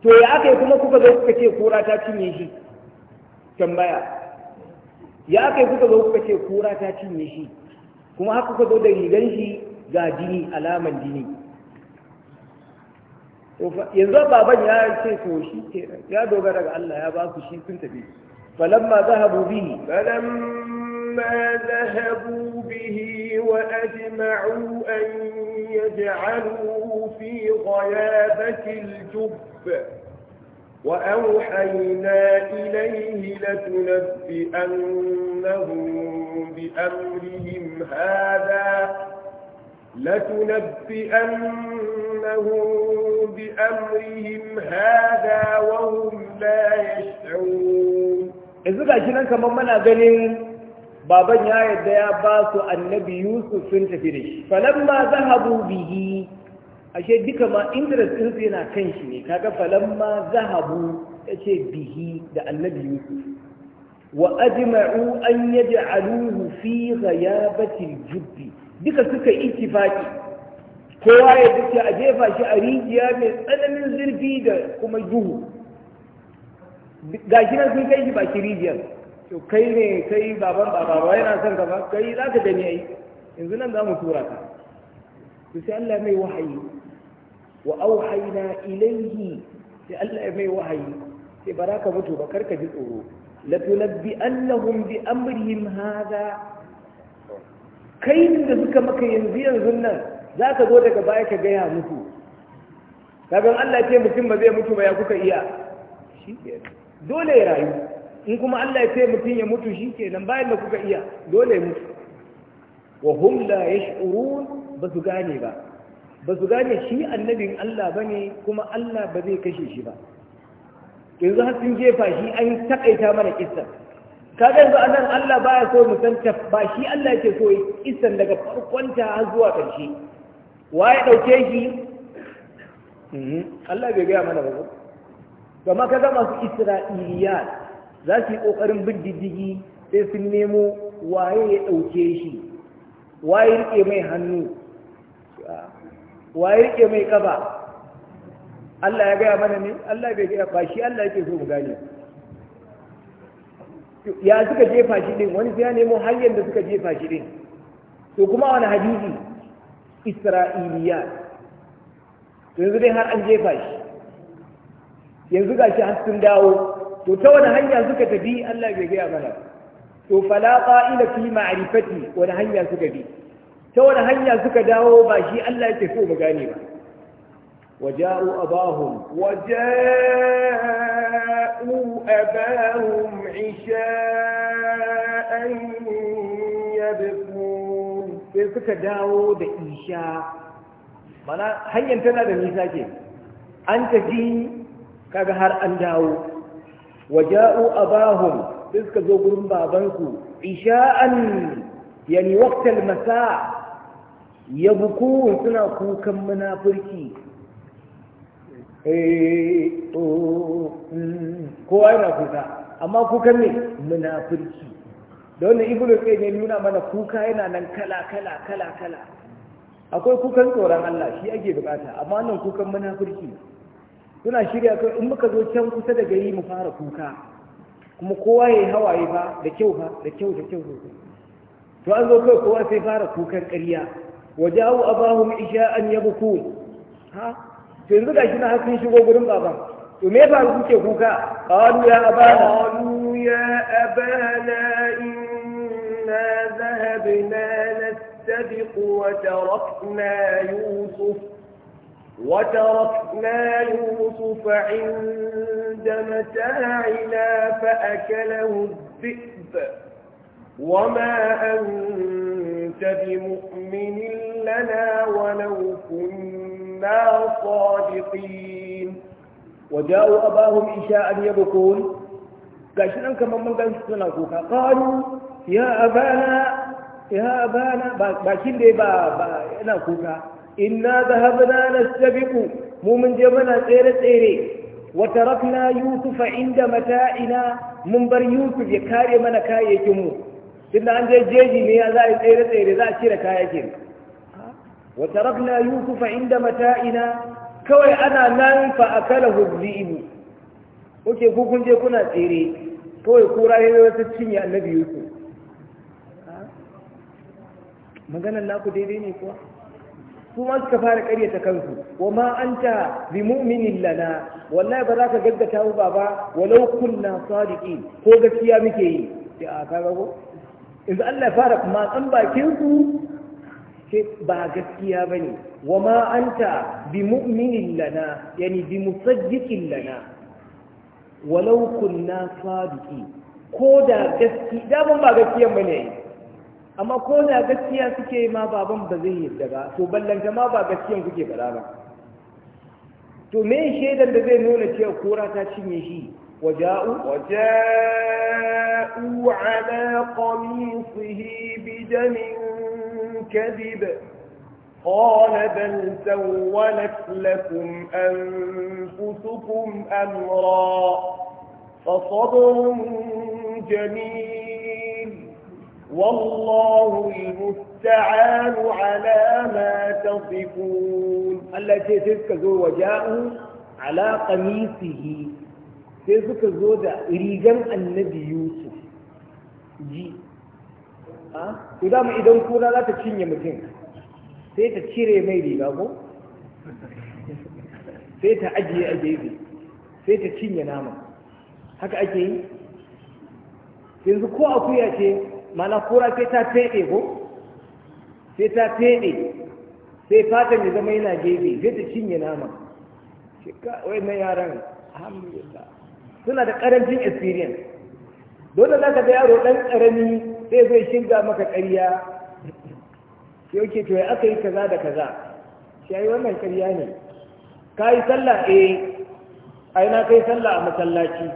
to ya aka yi kuma kuka zo kuka ce kura ta cinye shi tambaya ya aka yi kuka zo kuka ce kura ta cinye shi kuma haka kuka zo da rigan shi ga jini alaman jini yanzu baban ya ce to shi ke ya dogara ga Allah ya ba ku shi sun tafi falamma zahabu bihi فلما ذهبوا به وأجمعوا أن يجعلوه في غيابة الجب وأوحينا إليه لتنبئنهم بأمرهم هذا لتنبئنهم بأمرهم هذا وهم لا يشعرون إذا كان كمان منا غنين baban ya yarda باسو النبي يوسف annabi Yusuf sun tafi da ashe duka ma interest ɗinsu yana kan shi ne kaga falamma zahabu ya ce bihi da annabi yusuf wa ajma'u an yaj'aluhu fi ghayabatil jubbi duka suka ittifaki kowa ya dace a jefa shi a rijiya mai tsananin zurfi da kuma duhu gashi nan sun kai shi baki rijiyar to kai ne kai baban baba ba yana son ka kai za ka gani ai yanzu nan za mu tura ka to sai Allah mai wahayi wa auhayna ilayhi sai Allah ya mai wahayi sai ba za ka mutu ba karka ji tsoro la tunabbi annahum bi amrihim hadha kai da suka maka yanzu yanzu nan za ka zo daga baya ka gaya musu kagan Allah ya ce mutum ba zai mutu ba ya kuka iya shi dole ya rayu in kuma Allah ya ce mutum ya mutu shi ke nan bayan da kuka iya dole ya mutu wa hum la yash'urun ba su gane ba ba su gane shi annabin Allah ba ne kuma Allah ba zai kashe shi ba yanzu har sun jefa shi an takaita mana kissa ka ga yanzu Allah baya so mu san ba shi Allah yake so kissan daga farkonta har zuwa ƙarshe wa ya dauke shi mhm. Allah bai gaya mana ba gama kaga masu isra'iliya za su yi ƙoƙarin bin diddigi sai sun nemo waye ya dauke shi waye riƙe mai hannu waye yake mai kaba Allah ya gaya mana ne Allah bai gaya ba shi Allah yake so mu gane ya suka jefa shi din wani sai ya nemo hanyar da suka jefa shi din to kuma wani hadisi Isra'iliya yanzu dai har an jefa shi yanzu gashi har sun dawo to ta wani hanya suka tafi Allah bai gaya mana to fala qa'ila fi ma'rifati wani hanya suka bi ta wani hanya suka dawo ba shi Allah yake so ba gane ba waja'u abahum waja'u abahum isha'an yabku sai suka dawo da isha hanyar tana da nisa an tafi kaga har an dawo waja'u abahum sai suka zo gurin babansu isha'an yani waqtal masa. ya buku suna kukan munafurki, eh, mm, kowa yana kuka amma kukan ne munafurki. da wannan ibnu kai ne nuna mana kuka yana nan kala kala kala kala akwai kukan tsoron Allah shi ake bukata amma nan kukan munafurki suna shirya kai in muka zo can kusa da gari mu fara kuka kuma kowa yayi hawaye fa da kyau fa da kyau da kyau to an zo kai kowa sai fara kukan ƙarya وجاءوا أباهم عشاء يبكون ها تنزل عشنا هكذا شغل قرم بابا وما يفعل كيف كوكا قالوا يا أبانا قالوا يا أبانا إنا ذهبنا نستبق وتركنا يوسف وتركنا يوسف عند متاعنا فأكله الذئب وما أنت بمؤمن لنا ولو كنا صادقين وجاءوا أباهم إشاء يبكون قاشنا نَعَمْ كما من قال سنة قالوا يا أبانا يا أبانا باكين دي با با أنا كوكا إنا ذهبنا نستبق مو من جمنا سيرة سيرة وتركنا يوسف عند متاعنا من بر يوسف يكاري من جمو tunda an je jeji ne za a yi tsere tsere za a cire kaya ke wa tarakna yusufa inda mata'ina kawai ana nan fa akala hubzibu kuke ku kun je kuna tsere kawai kura ne wata cinye annabi yusuf maganan naku daidai ne kuwa su ma suka fara karyata kansu wa ma ta bi mu'minin lana wallahi ba za ka gaggata mu baba walau kunna sadiqin ko gaskiya muke yi ya ka kaga ko In za Allah ya fara matsan bakin su ce ba gaskiya ba ne wa ma anta bi mu'minin lana yani bi musajjikin lana walau kunna sadiki ko da gaski daman ba gaskiyan ba ne amma ko da gaskiya suke ma baban ba zai yadda ba to ballanta ma ba gaskiyan kuke fara ba to me shaidar da zai nuna cewa kora ta cinye shi وجاءوا وجاءوا على قميصه بدم كذب قال بل سولت لكم أنفسكم أمرا فصبر جميل والله المستعان على ما تصفون التي تذكر وجاءوا على قميصه sai suka zo da rigan annabi yusuf ji a dama idan kura za ta cinye mutum sai ta cire mai riga ko sai ta ajiye a gefe sai ta cinye nama haka ake yi yanzu ko akuya ce mana kura sai ta feɗe ko sai ta feɗe sai fatan ya zama yana gefe sai ta cinye nama wai na yaran alhamdulillah suna da ƙarancin experience dole za ka ga yaro ɗan ƙarami sai zai shiga maka ƙarya sai yake to ya aka yi kaza da kaza shi ai wannan ƙarya ne ka yi sallah eh ai na kai sallah a masallaci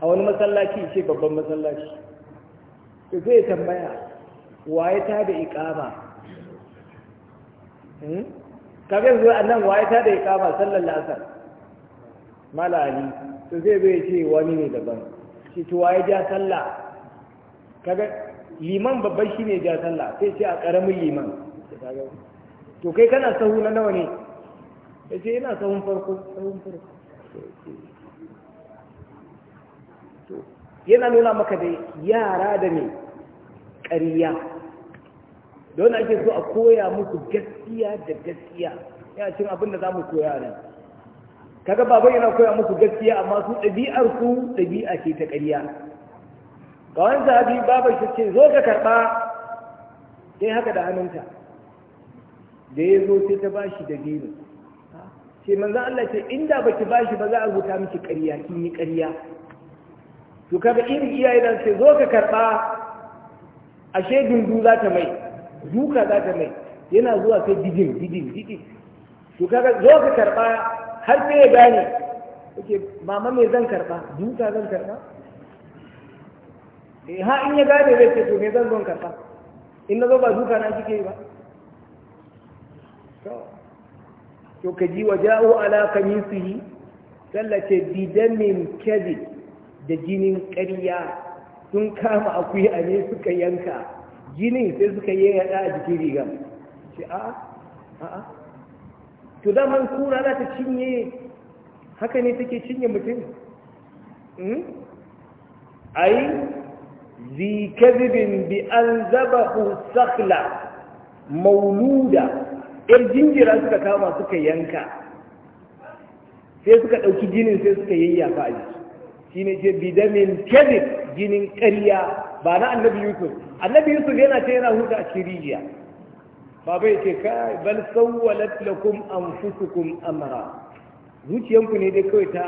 a wani masallaci ce babban masallaci to zai tambaya waye ta da iƙama hmm? kaga yanzu a nan waye ta da iƙama sallar la'asar mala ali to zai bai ce wani ne daban shi tuwa waye ja sallah kaga liman babban shi ne ja sallah sai ce a karamin liman to kai kana sahu na nawa ne ya ce yana sahun farko sahun farko yana nuna maka da yara da ne ƙariya don ake so a koya musu gaskiya da gaskiya ya cin abin da za mu koya ne kaga baban yana koya musu gaskiya amma su ɗabi'ar su ɗabi'a ce ta ƙarya ga wani sahabi baba shi ce zo ka karɓa sai haka da hannunta da ya zo sai ta bashi da dino ce manzan Allah ce inda baki bashi ba za a rubuta miki ƙarya kin yi ƙarya to kaga irin iyaye dan sai zo ka karɓa ashe dundu za ta mai duka za ta mai yana zuwa sai didin didin didin to kaga zo ka karɓa har sai ya gane yake mama me zan karba duka zan karba eh ha in ya gane zai ce to me zan zo karba in na zo ba duka na kike ba to ka ji wa ja'u ala kamisihi sallace bidamin kadhib da jinin ƙarya sun kama akuyi a ne suka yanka jinin sai suka yi yada a jikin rigar ce a a to daman kura za ta cinye haka ne take cinye mutum hmm? ai zi kadibin bi an sakhla mauluda yar jinjira suka kama suka yanka sai suka ɗauki jinin sai suka yayyafa a jiki shi ne ce bidamin kadib jinin ƙarya ba na annabi yusuf annabi yusuf yana ce yana huta a cikin rijiya ba bai ce kai bal sawwalat lakum anfusukum amra zuciyanku ne dai kawai ta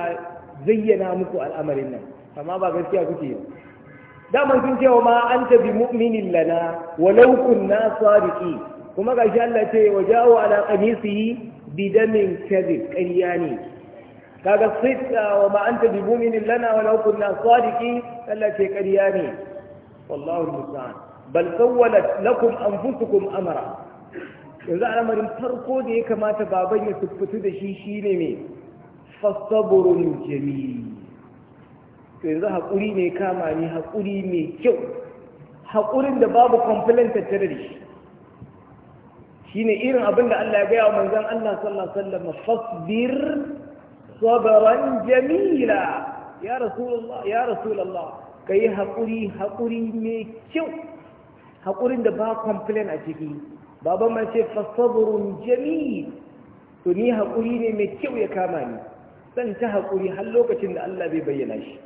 zayyana muku al'amarin nan amma ba gaskiya kuke yi daman sun cewa ma an tabi mu'minin lana walau kunna sadiqi kuma gashi Allah ce wa jawo ala qamisihi bidamin kadhib ƙarya ne kaga sidda uh, wa ma anta bi mu'minin lana walau kunna sadiqi Allah ce ƙarya ne wallahu musta'an bal sawwalat lakum anfusukum amra yanzu al'amarin farko da ya kamata baban ya suffutu da shi shi ne mai fasaburun jami'i yanzu haƙuri mai kama ne, haƙuri mai kyau haƙurin da babu complaint tattare da shi Shi ne irin abin da Allah ya gaya wa manzon Allah sallallahu alaihi wasallam fasbir sabran jamila ya rasulullah ya rasulullah kai haƙuri haƙuri mai kyau haƙurin da ba complaint a ciki baban man ce fasabrun jamil to ni haƙuri ne mai kyau ya kama ni zan ta haƙuri har lokacin da Allah bai bayyana shi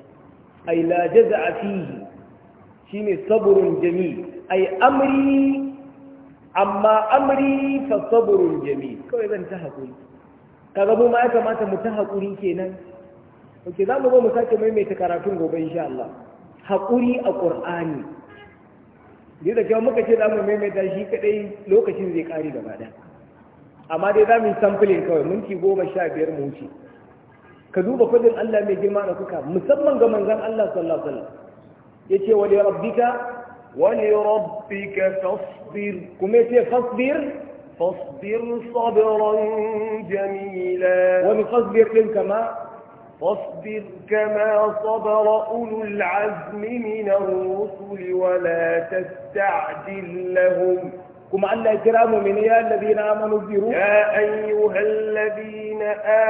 ai la jaza fihi shine sabrun jamil ai amri amma amri fa sabrun kawai zan ta haƙuri kaga mu ma ya kamata mu ta haƙuri kenan oke za mu zo mu sake maimaita karatun gobe insha Allah haƙuri a ƙur'ani duk da cewa muka ce za mu maimaita shi kadai lokacin zai kare gaba da amma dai za mu yi sampling kawai minti goma sha biyar mu wuce ka duba fadin Allah mai girma da kuka musamman ga manzon Allah sallallahu alaihi wasallam yace wa li rabbika wa li rabbika fasbir kuma yace fasbir fasbir sabran jamila wa fasbir ɗin kama فاصبر كما صبر أولو العزم من الرسل ولا تستعجل لهم كما أن الكرام من يا الذين آمنوا اصبروا يا أيها الذين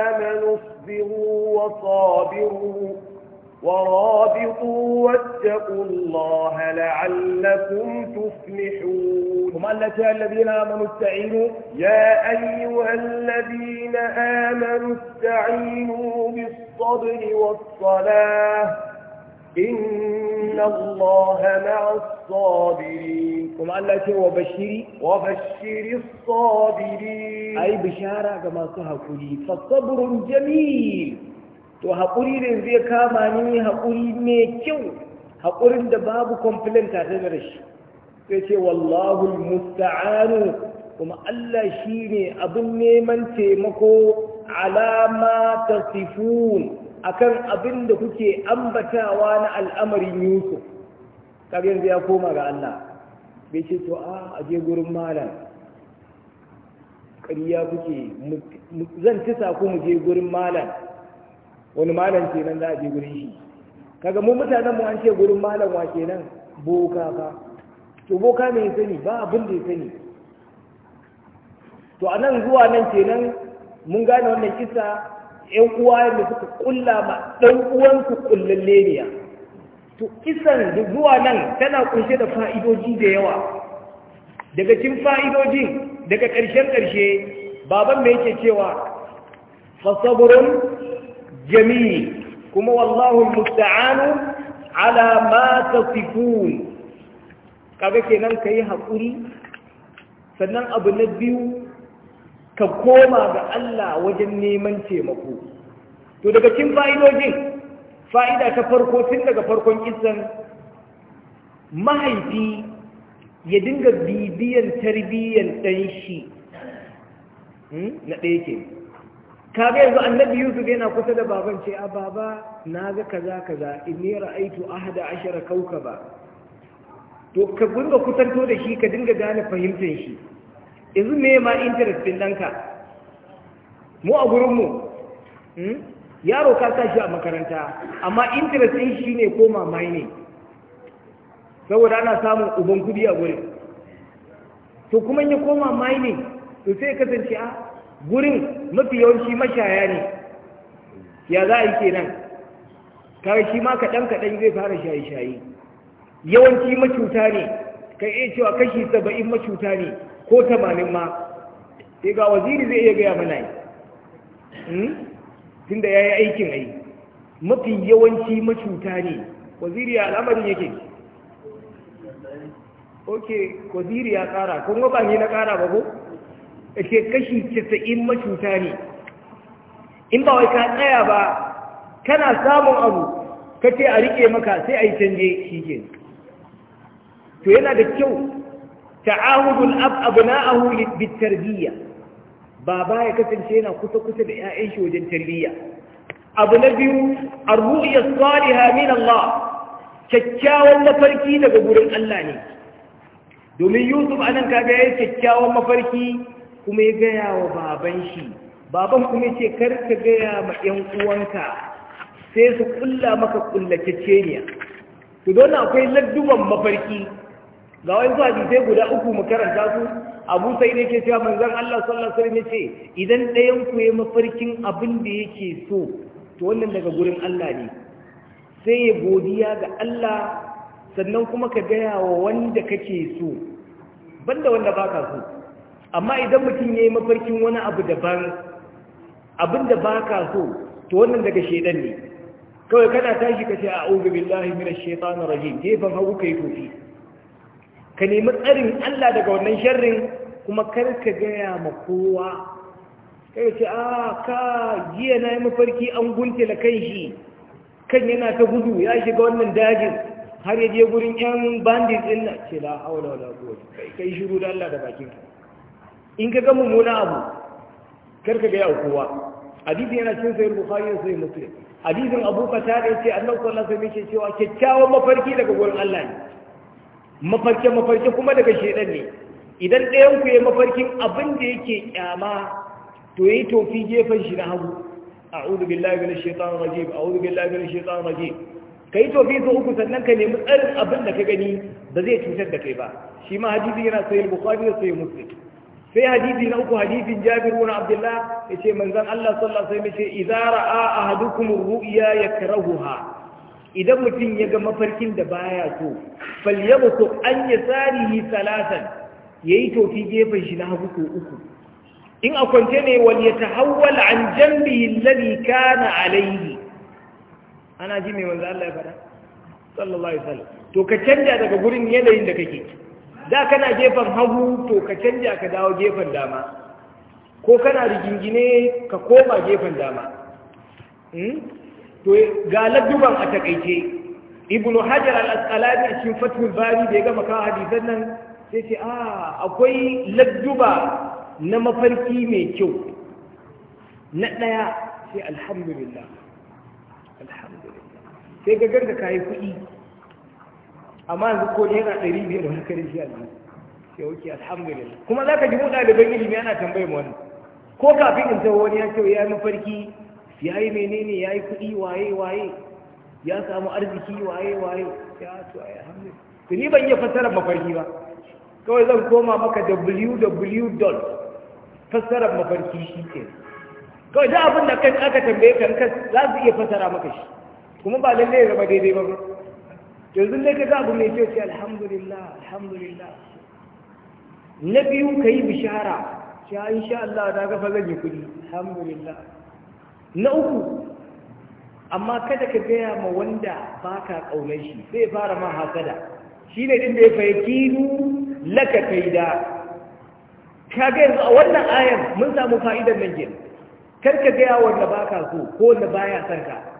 آمنوا اصبروا وصابروا ورابطوا واتقوا الله لعلكم تفلحون هم الذين آمنوا استعينوا يا أيها الذين آمنوا استعينوا بالصبر والصلاة إن الله مع الصابرين هم التي وبشري وبشر الصابرين أي بشارة كما صحكوا فالصبر جميل to haƙuri ne zai kama ni haƙuri mai kyau haƙurin da babu complain tare da shi sai ce wallahu musta'anu kuma Allah shi ne abin neman taimako alama tasifun akan abin da kuke ambatawa na al'amarin Yusuf kar yanzu ya koma ga Allah bai ce to ah, a aje gurin malam ƙarya kuke zan ci ku mu je gurin malam wani malam kenan za a je gurin shi kaga mu mutanen mu an ce gurin malam wa kenan boka fa to boka ne ya sani ba abin da ya sani to a nan zuwa nan kenan mun gane wannan kisa yan uwa da suka kulla ma ɗan uwansu kullalle ne to kisan da zuwa nan tana kunshe da fa'idoji da yawa daga cikin fa'idojin daga ƙarshen ƙarshe baban mai yake cewa fasabrun جميل kuma والله المستعان على ما تصفون kaga kenan ka yi haƙuri sannan abu na biyu ka koma ga Allah wajen neman taimako to daga cikin fa'idojin fa'ida ta farko tun daga farkon kisan mahaifi ya dinga bibiyan tarbiyyan ɗan shi na ɗaya ke kaga yanzu annabi yusuf yana kusa da baban ce a baba na ga kaza kaza inni ra'aitu ahada ashara kawkaba to ka dinga kusanto da shi ka dinga gane fahimtar shi yanzu me ma interest din danka mu a gurin mu hmm, yaro ka sa shi a makaranta amma interest din shi ne ko mamaye ne saboda ana samun uban kudi a gurin to kuma in ya koma mai ne to sai kasance a ah, gurin mafi yawanci mashaya ne ya za a yi kenan kawai shi ma kaɗan kaɗan zai fara shaye-shaye yawanci macuta ne ka iya cewa kashi saba'in macuta ne ko tamanin ma sai ga waziri zai iya gaya mana yi hmm? tunda ya yi aikin ai mafi yawanci macuta ne waziri ya al'amarin yake ok waziri ya ƙara kuma ba ni na ƙara ba ko ke kashi casa'in macuta ne in ba wai ka tsaya ba kana samun abu ka ce a riƙe maka sai a yi canje shi ke to yana da kyau ta'ahudul abna'ahu bitarbiyya baba ya kasance yana kusa kusa da 'ya'yan shi wajen tarbiyya abu na biyu ar-ru'ya salihah min Allah kyakkyawan mafarki daga gurin Allah ne domin Yusuf anan kaga yai kyakkyawan mafarki kuma ya gaya wa baban shi baban kuma ya ce kar ka gaya ma 'yan uwanka sai su kulla maka kullace ceniya to don akwai ladduban mafarki ga wani zuwa sai guda uku mu karanta su abu sai ne ke cewa manzon Allah sallallahu alaihi ce idan ɗayan ku ya mafarkin abin da yake so to wannan daga gurin Allah ne sai ya godiya ga Allah sannan kuma ka gaya wa wanda kake so banda wanda baka so amma idan mutum ya yi mafarkin wani abu daban abin da ba ka so to wannan daga shaidan ne kawai kana tashi ka ce a ozu billahi mina shaitanin rahim gefen hagu ka yi tofi ka nemi tsarin allah daga wannan sharrin kuma kar ka gaya ma kowa kai ce a ka jiya na yi mafarki an na kan shi kan yana ta gudu ya shiga wannan dajin har ya je gurin yan bandit din na ce la da wani kai shiru da Allah da bakinka in ka gama mummuna abu karka ga a kowa hadisi yana cin sayar bukari da sayar musulun. hadisin abu fata da ce an sallallahu alaihi wasallam ke cewa kyakkyawan mafarki daga gurin Allah ne mafarki mafarki kuma daga shaidan ne idan ɗayan ku yi mafarkin abin da yake kyama to yi tofi gefen shi na hagu a'udhu billahi minash shaitanir a a'udhu billahi minash shaitanir Ka kai tofi su uku sannan ka nemi tsarin abin da ka gani ba zai cutar da kai ba shi ma hadisi yana sayar bukari da sahih musulun. sai hadisi na uku hadisin Jabir ibn Abdullah ce, manzan Allah sallallahu alaihi wasallam yace idza ra'a ahadukum ru'ya yakrahuha idan mutum ya ga mafarkin da baya so falyabtu an yasarihi salatan yayi tofi gefen shi na hagu ko uku in a kwance ne wal yatahawwal an janbihi alladhi kana alayhi ana ji me manzon Allah ya faɗa sallallahu alaihi wasallam to ka canja daga gurin yanayin da kake da kana gefen hagu to ka canja ka dawo gefen dama ko kana rigingine ka koma gefen dama hmm? to ga ladduban a takaice ibnu hajar al-asqalani a cikin bari da ya gama kawo hadisan nan sai ce ah akwai ladduba na mafarki mai kyau na ɗaya sai alhamdulillah alhamdulillah sai ga ganga kayi kuɗi amma yanzu ko ne yana ɗari biyar wani kare shi aljihu ya wuce alhamdulillah kuma za ka ji mu ɗaliban ilimi ana mu wani ko kafin in taho wani ya ce ya yi mafarki ya yi menene ya yi kuɗi waye waye ya samu arziki waye waye ya to ai alhamdulillah to ni ban iya fassara mafarki ba kawai zan koma maka www. dot fassarar mafarki shi ke kawai da abin da kan aka tambaye kan za su iya fassara maka shi kuma ba lallai ya zama daidai ba yanzu ne ka zaɓi mai kyau ce alhamdulillah alhamdulillah na biyu ka yi bishara cewa ah, insha Allah na gafa zan yi kuɗi alhamdulillah na uku amma kada ka gaya ma wanda ba ka ƙaunar shi zai fara ma hasada shi ne din da ya fahimci laka kai da ka ga yanzu a wannan ayar mun samu fa'idar nan gina kar ka gaya wanda ba ka so ko wanda baya son ka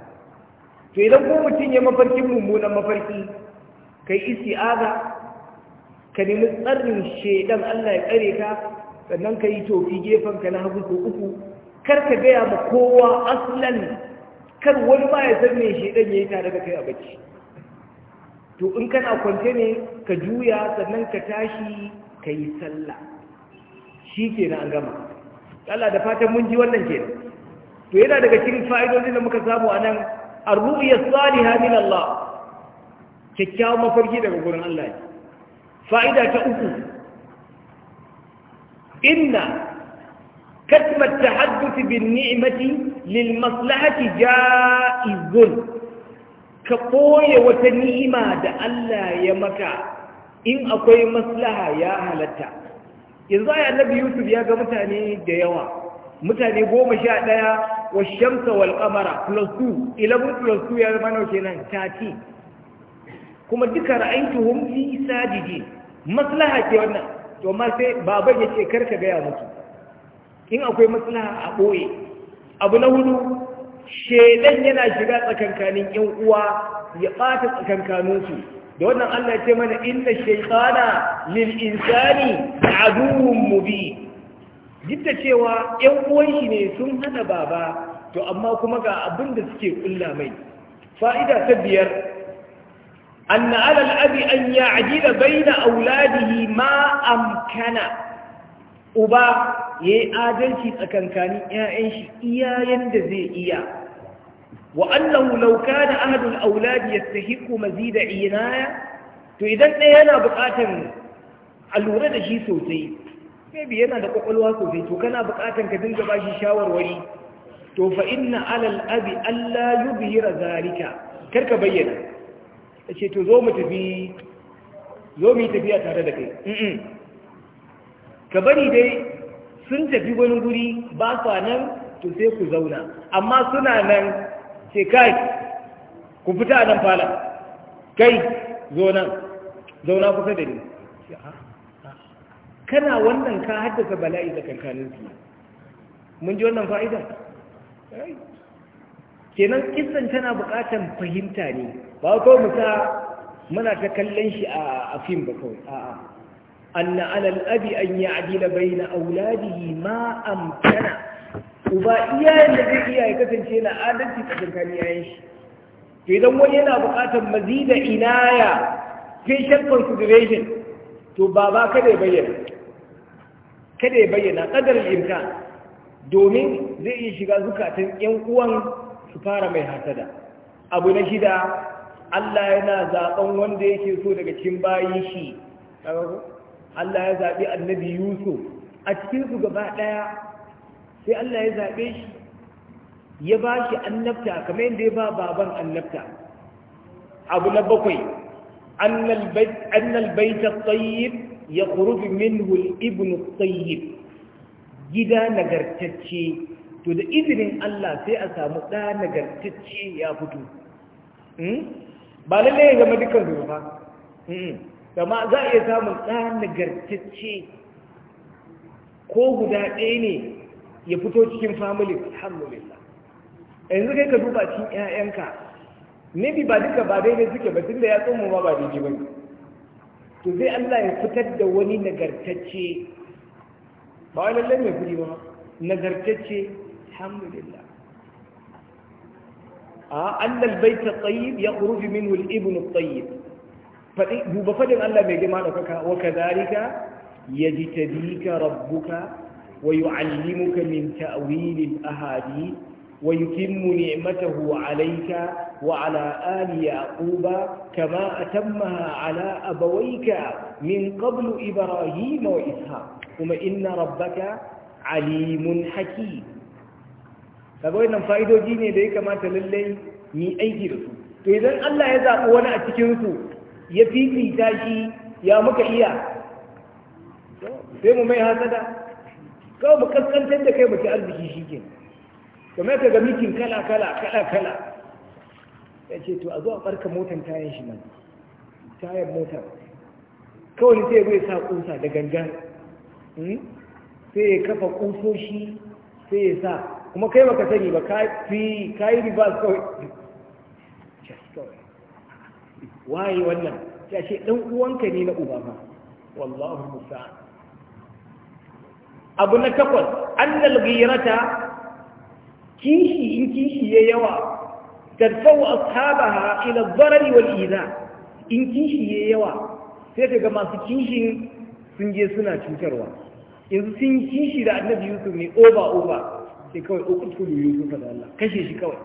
to idan ko mutum ya mafarkin mummunan mafarki ka kai isti'aza ka nemi tsarin shedan Allah ya tsare ka sannan ka yi tofi gefen ka na hagu ko uku kar ka gaya ma kowa aslan kar wani ba ya san me shedan yi tare da kai a bacci to in kana kwance ne ka juya sannan ka tashi ka yi sallah shi ke na gama Allah da fatan mun ji wannan kenan to yana daga cikin fa'idodin da muka samu a nan ar-ru'ya salihah min Allah kikkiawan mafarki daga gurin Allah ne fa'ida ta uku inna katma at-tahadduth bin ni'mati lil maslahati ja'izun ka koye wata ni'ima da Allah ya maka in akwai maslaha ya halatta yanzu ai annabi yusuf ya ga mutane da yawa mutane goma sha ɗaya wa shamsa wal qamara plus 2 11 plus 2 ya zama nau nan 30 kuma duka ra'aytuhum fi sajidi maslaha ke wannan to ma sai baban ce karka ga ya mutu in akwai maslaha a boye abu na hudu shedan yana shiga tsakankanin yan uwa ya ɓata tsakankanin da wannan Allah ya ce mana inna shaytana lil insani aduwwun mubin duk da cewa ‘yan uwanshi ne sun hana baba to amma kuma ga abin da suke kulla mai fa'ida ta biyar anna alal abi an ya ajila baina auladihi ma amkana uba ya yi adalci tsakankani ‘ya'yan shi iyayen da zai iya wa annahu lauka da ahadul auladi yastahiqu mazida inaya to idan ɗaya yana buƙatar a lura da shi sosai maybe yana da kwakwalwa sosai to kana bukatan ka dinga ba shi shawarwari to fa inna alal abi alla yubhira zalika ka bayyana yace to zo mu tafi zo mu tafiya tare da kai ka bari dai sun tafi wani guri ba sa nan to sai ku zauna amma suna nan ce kai ku fita nan fala kai zo nan zauna kusa da ni kana wannan ka haddasa bala'i da kankanin kankaninsu mun ji wannan fa'ida kenan kisan tana bukatan fahimta ne ba ko musa muna ta kallon shi a fim ba kawai a'a anna alal abi an ya'dila baina auladihi ma amkana uba iyayen da zai iya ya kasance na adalci tsakanin yayin shi to idan wani yana buƙatar mazida inaya facial consideration to baba kada ya bayyana kada ya bayyana qadar al domin zai iya shiga zukatan yan uwan su fara mai hasada abu na shida Allah yana zaben wanda yake so daga cikin bayi shi Allah ya zaɓi annabi Yusuf a cikin su gaba ɗaya, sai Allah ya zaɓe shi ya ba shi annabta kamar yadda ya ba baban annabta abu na bakwai annal baita tayyib ya kurubi minhul ibn tsayyib gida nagartacce to da izinin Allah sai a samu ɗa nagartacce ya fito hmm? ba lalle ya zama dukkan zuwa. ba kama hmm. za a iya samun ɗa nagartacce ko guda ɗaya ne ya fito cikin family alhamdulillah yanzu kai ka duba cikin 'ya'yanka nabi ba duka ba daidai suke ba tun da ya tsoma ba ba daidai ba ne to zai Allah ya fitar da wani nagartacce ba wai lallai mai kuɗi ba nagartacce alhamdulillah a annal baita tayyib ya khuruju minhu al-ibn at-tayyib fadi duba fadin Allah mai girma da kaka wa kadhalika yajtabika rabbuka wa yu'allimuka min ta'wil al-ahadith ويتم نعمته عليك وعلى آل يعقوب كما أتمها على أبويك من قبل إبراهيم وإسحاق ثم إن ربك عليم حكيم فقال إن فائدو جيني دي كما تللي ني أي جرسو to idan Allah ya zaɓi wani a cikinsu ya fifita shi ya muka iya sai mu mai hasada kawai mu kaskantar da kai mu ci arziki shi kenan kamar ka ga mikin kala kala kala kala ya ce to a zo a barka motar tayan shi nan tayan motar kawai sai ya sa kusa da gangan hmm? sai ya kafa kusoshi sai ya sa kuma kai baka sani ba ka fi ka yi riba kawai waye wannan ya ce ɗan uwanka ne na uba ba wallahu musa abu na takwas annal ghirata kishi in kishi ya yawa tadfau ashabaha ila dharari wal idha in kishi ya yawa sai kaga masu kishin sun je suna cutarwa yanzu sun kishi da annabi yusuf ne over over sai kawai uqtulu yusufa da Allah kashe shi kawai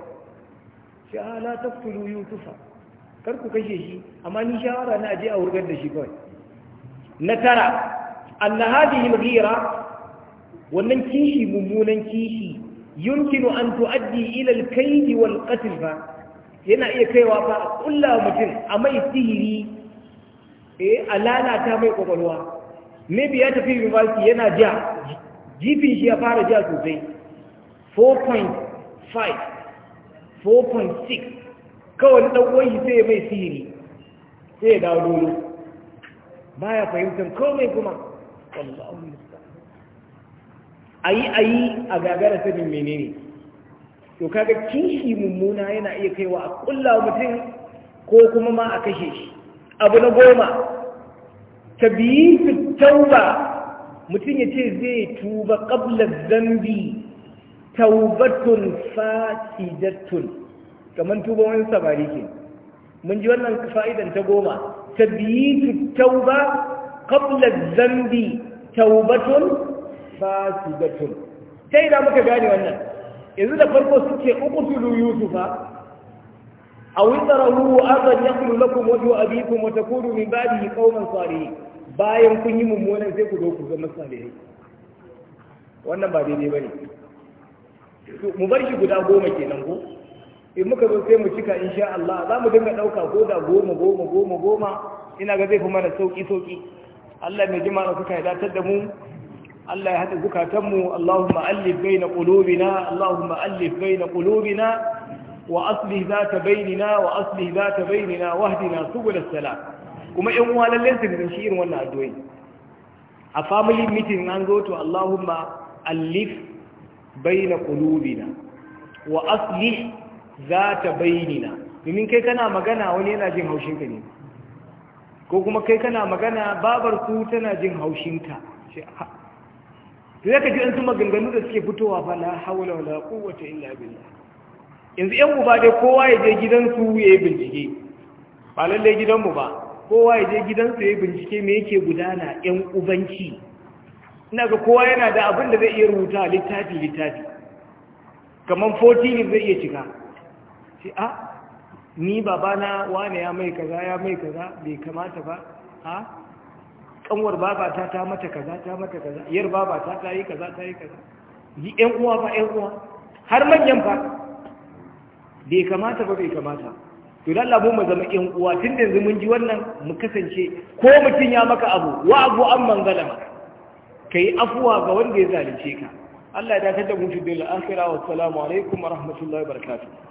shi ala ah, taqtulu yusufa kar ku kashe shi amma ni shawara na aje a wurgar da shi kawai na tara anna hadhihi al-ghira wannan kishi mummunan kishi yumkinu an tu'addi ila al-kayd wal qatl fa yana iya kaiwa fa a kulla mutum a mai sihiri eh a lalata mai kwakwalwa maybe ya tafi university yana ja jifin shi ya fara ja sosai 4.5 4.6 kawai uwan shi sai mai sihiri sai ya dawo dole baya fahimtar komai kuma ayi ayi a gagara sanin menene to kaga kishi mummuna yana iya kaiwa a kulla mutum ko kuma ma a kashe shi abu na goma ta su tauba mutum ya ce zai tuba ƙablar zambi taubatun fasidatun kamar tuba wani sabari ke mun ji wannan fa'idan ta goma Ta su tauba ƙablar zambi taubatun fasidatun ta da muka gane wannan yanzu da farko suke uku uqtulu yusufa A aw itrahu azan yaqulu lakum wajhu wata kudu takunu min ba'dihi qauman salihin bayan kun yi mummunan sai ku zo ku zama salihai wannan ba daidai ba ne. mu bar shi guda goma ke nan ko in muka zo sai mu cika insha Allah za mu dinga ɗauka ko da goma goma goma goma ina ga zai fi mana sauƙi sauƙi Allah mai jima suka ya datar da mu Allah ya haɗa zukatanmu Allahumma allif baina qulubina Allahumma allif baina qulubina wa asli aslih zata bainina wa asli aslih zata bainina su guda Sala. kuma 'yan uwa lalle su zan shi irin wannan addu'o'i a family meeting an zo to Allahumma allif baina qulubina wa asli aslih zata bainina domin kai kana magana wani yana jin haushin ka ne ko kuma kai kana magana babar su tana jin haushinka to ya kaji an su maganganu da suke fitowa ba na haula wala kowace illa billah yanzu yan uba dai kowa ya je gidansu ya yi bincike ba lalle gidanmu ba kowa ya je gidansu ya yi bincike me yake gudana yan ubanci ina ga kowa yana da abin da zai iya rubuta littafi littafi kamar 14 zai iya cika sai a ah, ni babana wane ya mai kaza ya mai kaza bai kamata ba ha ah, kanwar babata ta mata kaza ta mata kaza yar babata ta yi kaza ta yi kaza yi ƴan uwa fa ƴan uwa har manyan fa bai kamata ba bai kamata to lalla Allah mu zama ƴan uwa tun da yanzu mun ji wannan mu kasance ko mutum ya maka abu wa abu an mangala Ka kai afuwa ga wanda ya zalunce ka Allah ya dace da mu fi bil akhirah wa assalamu alaikum wa rahmatullahi wa barakatuh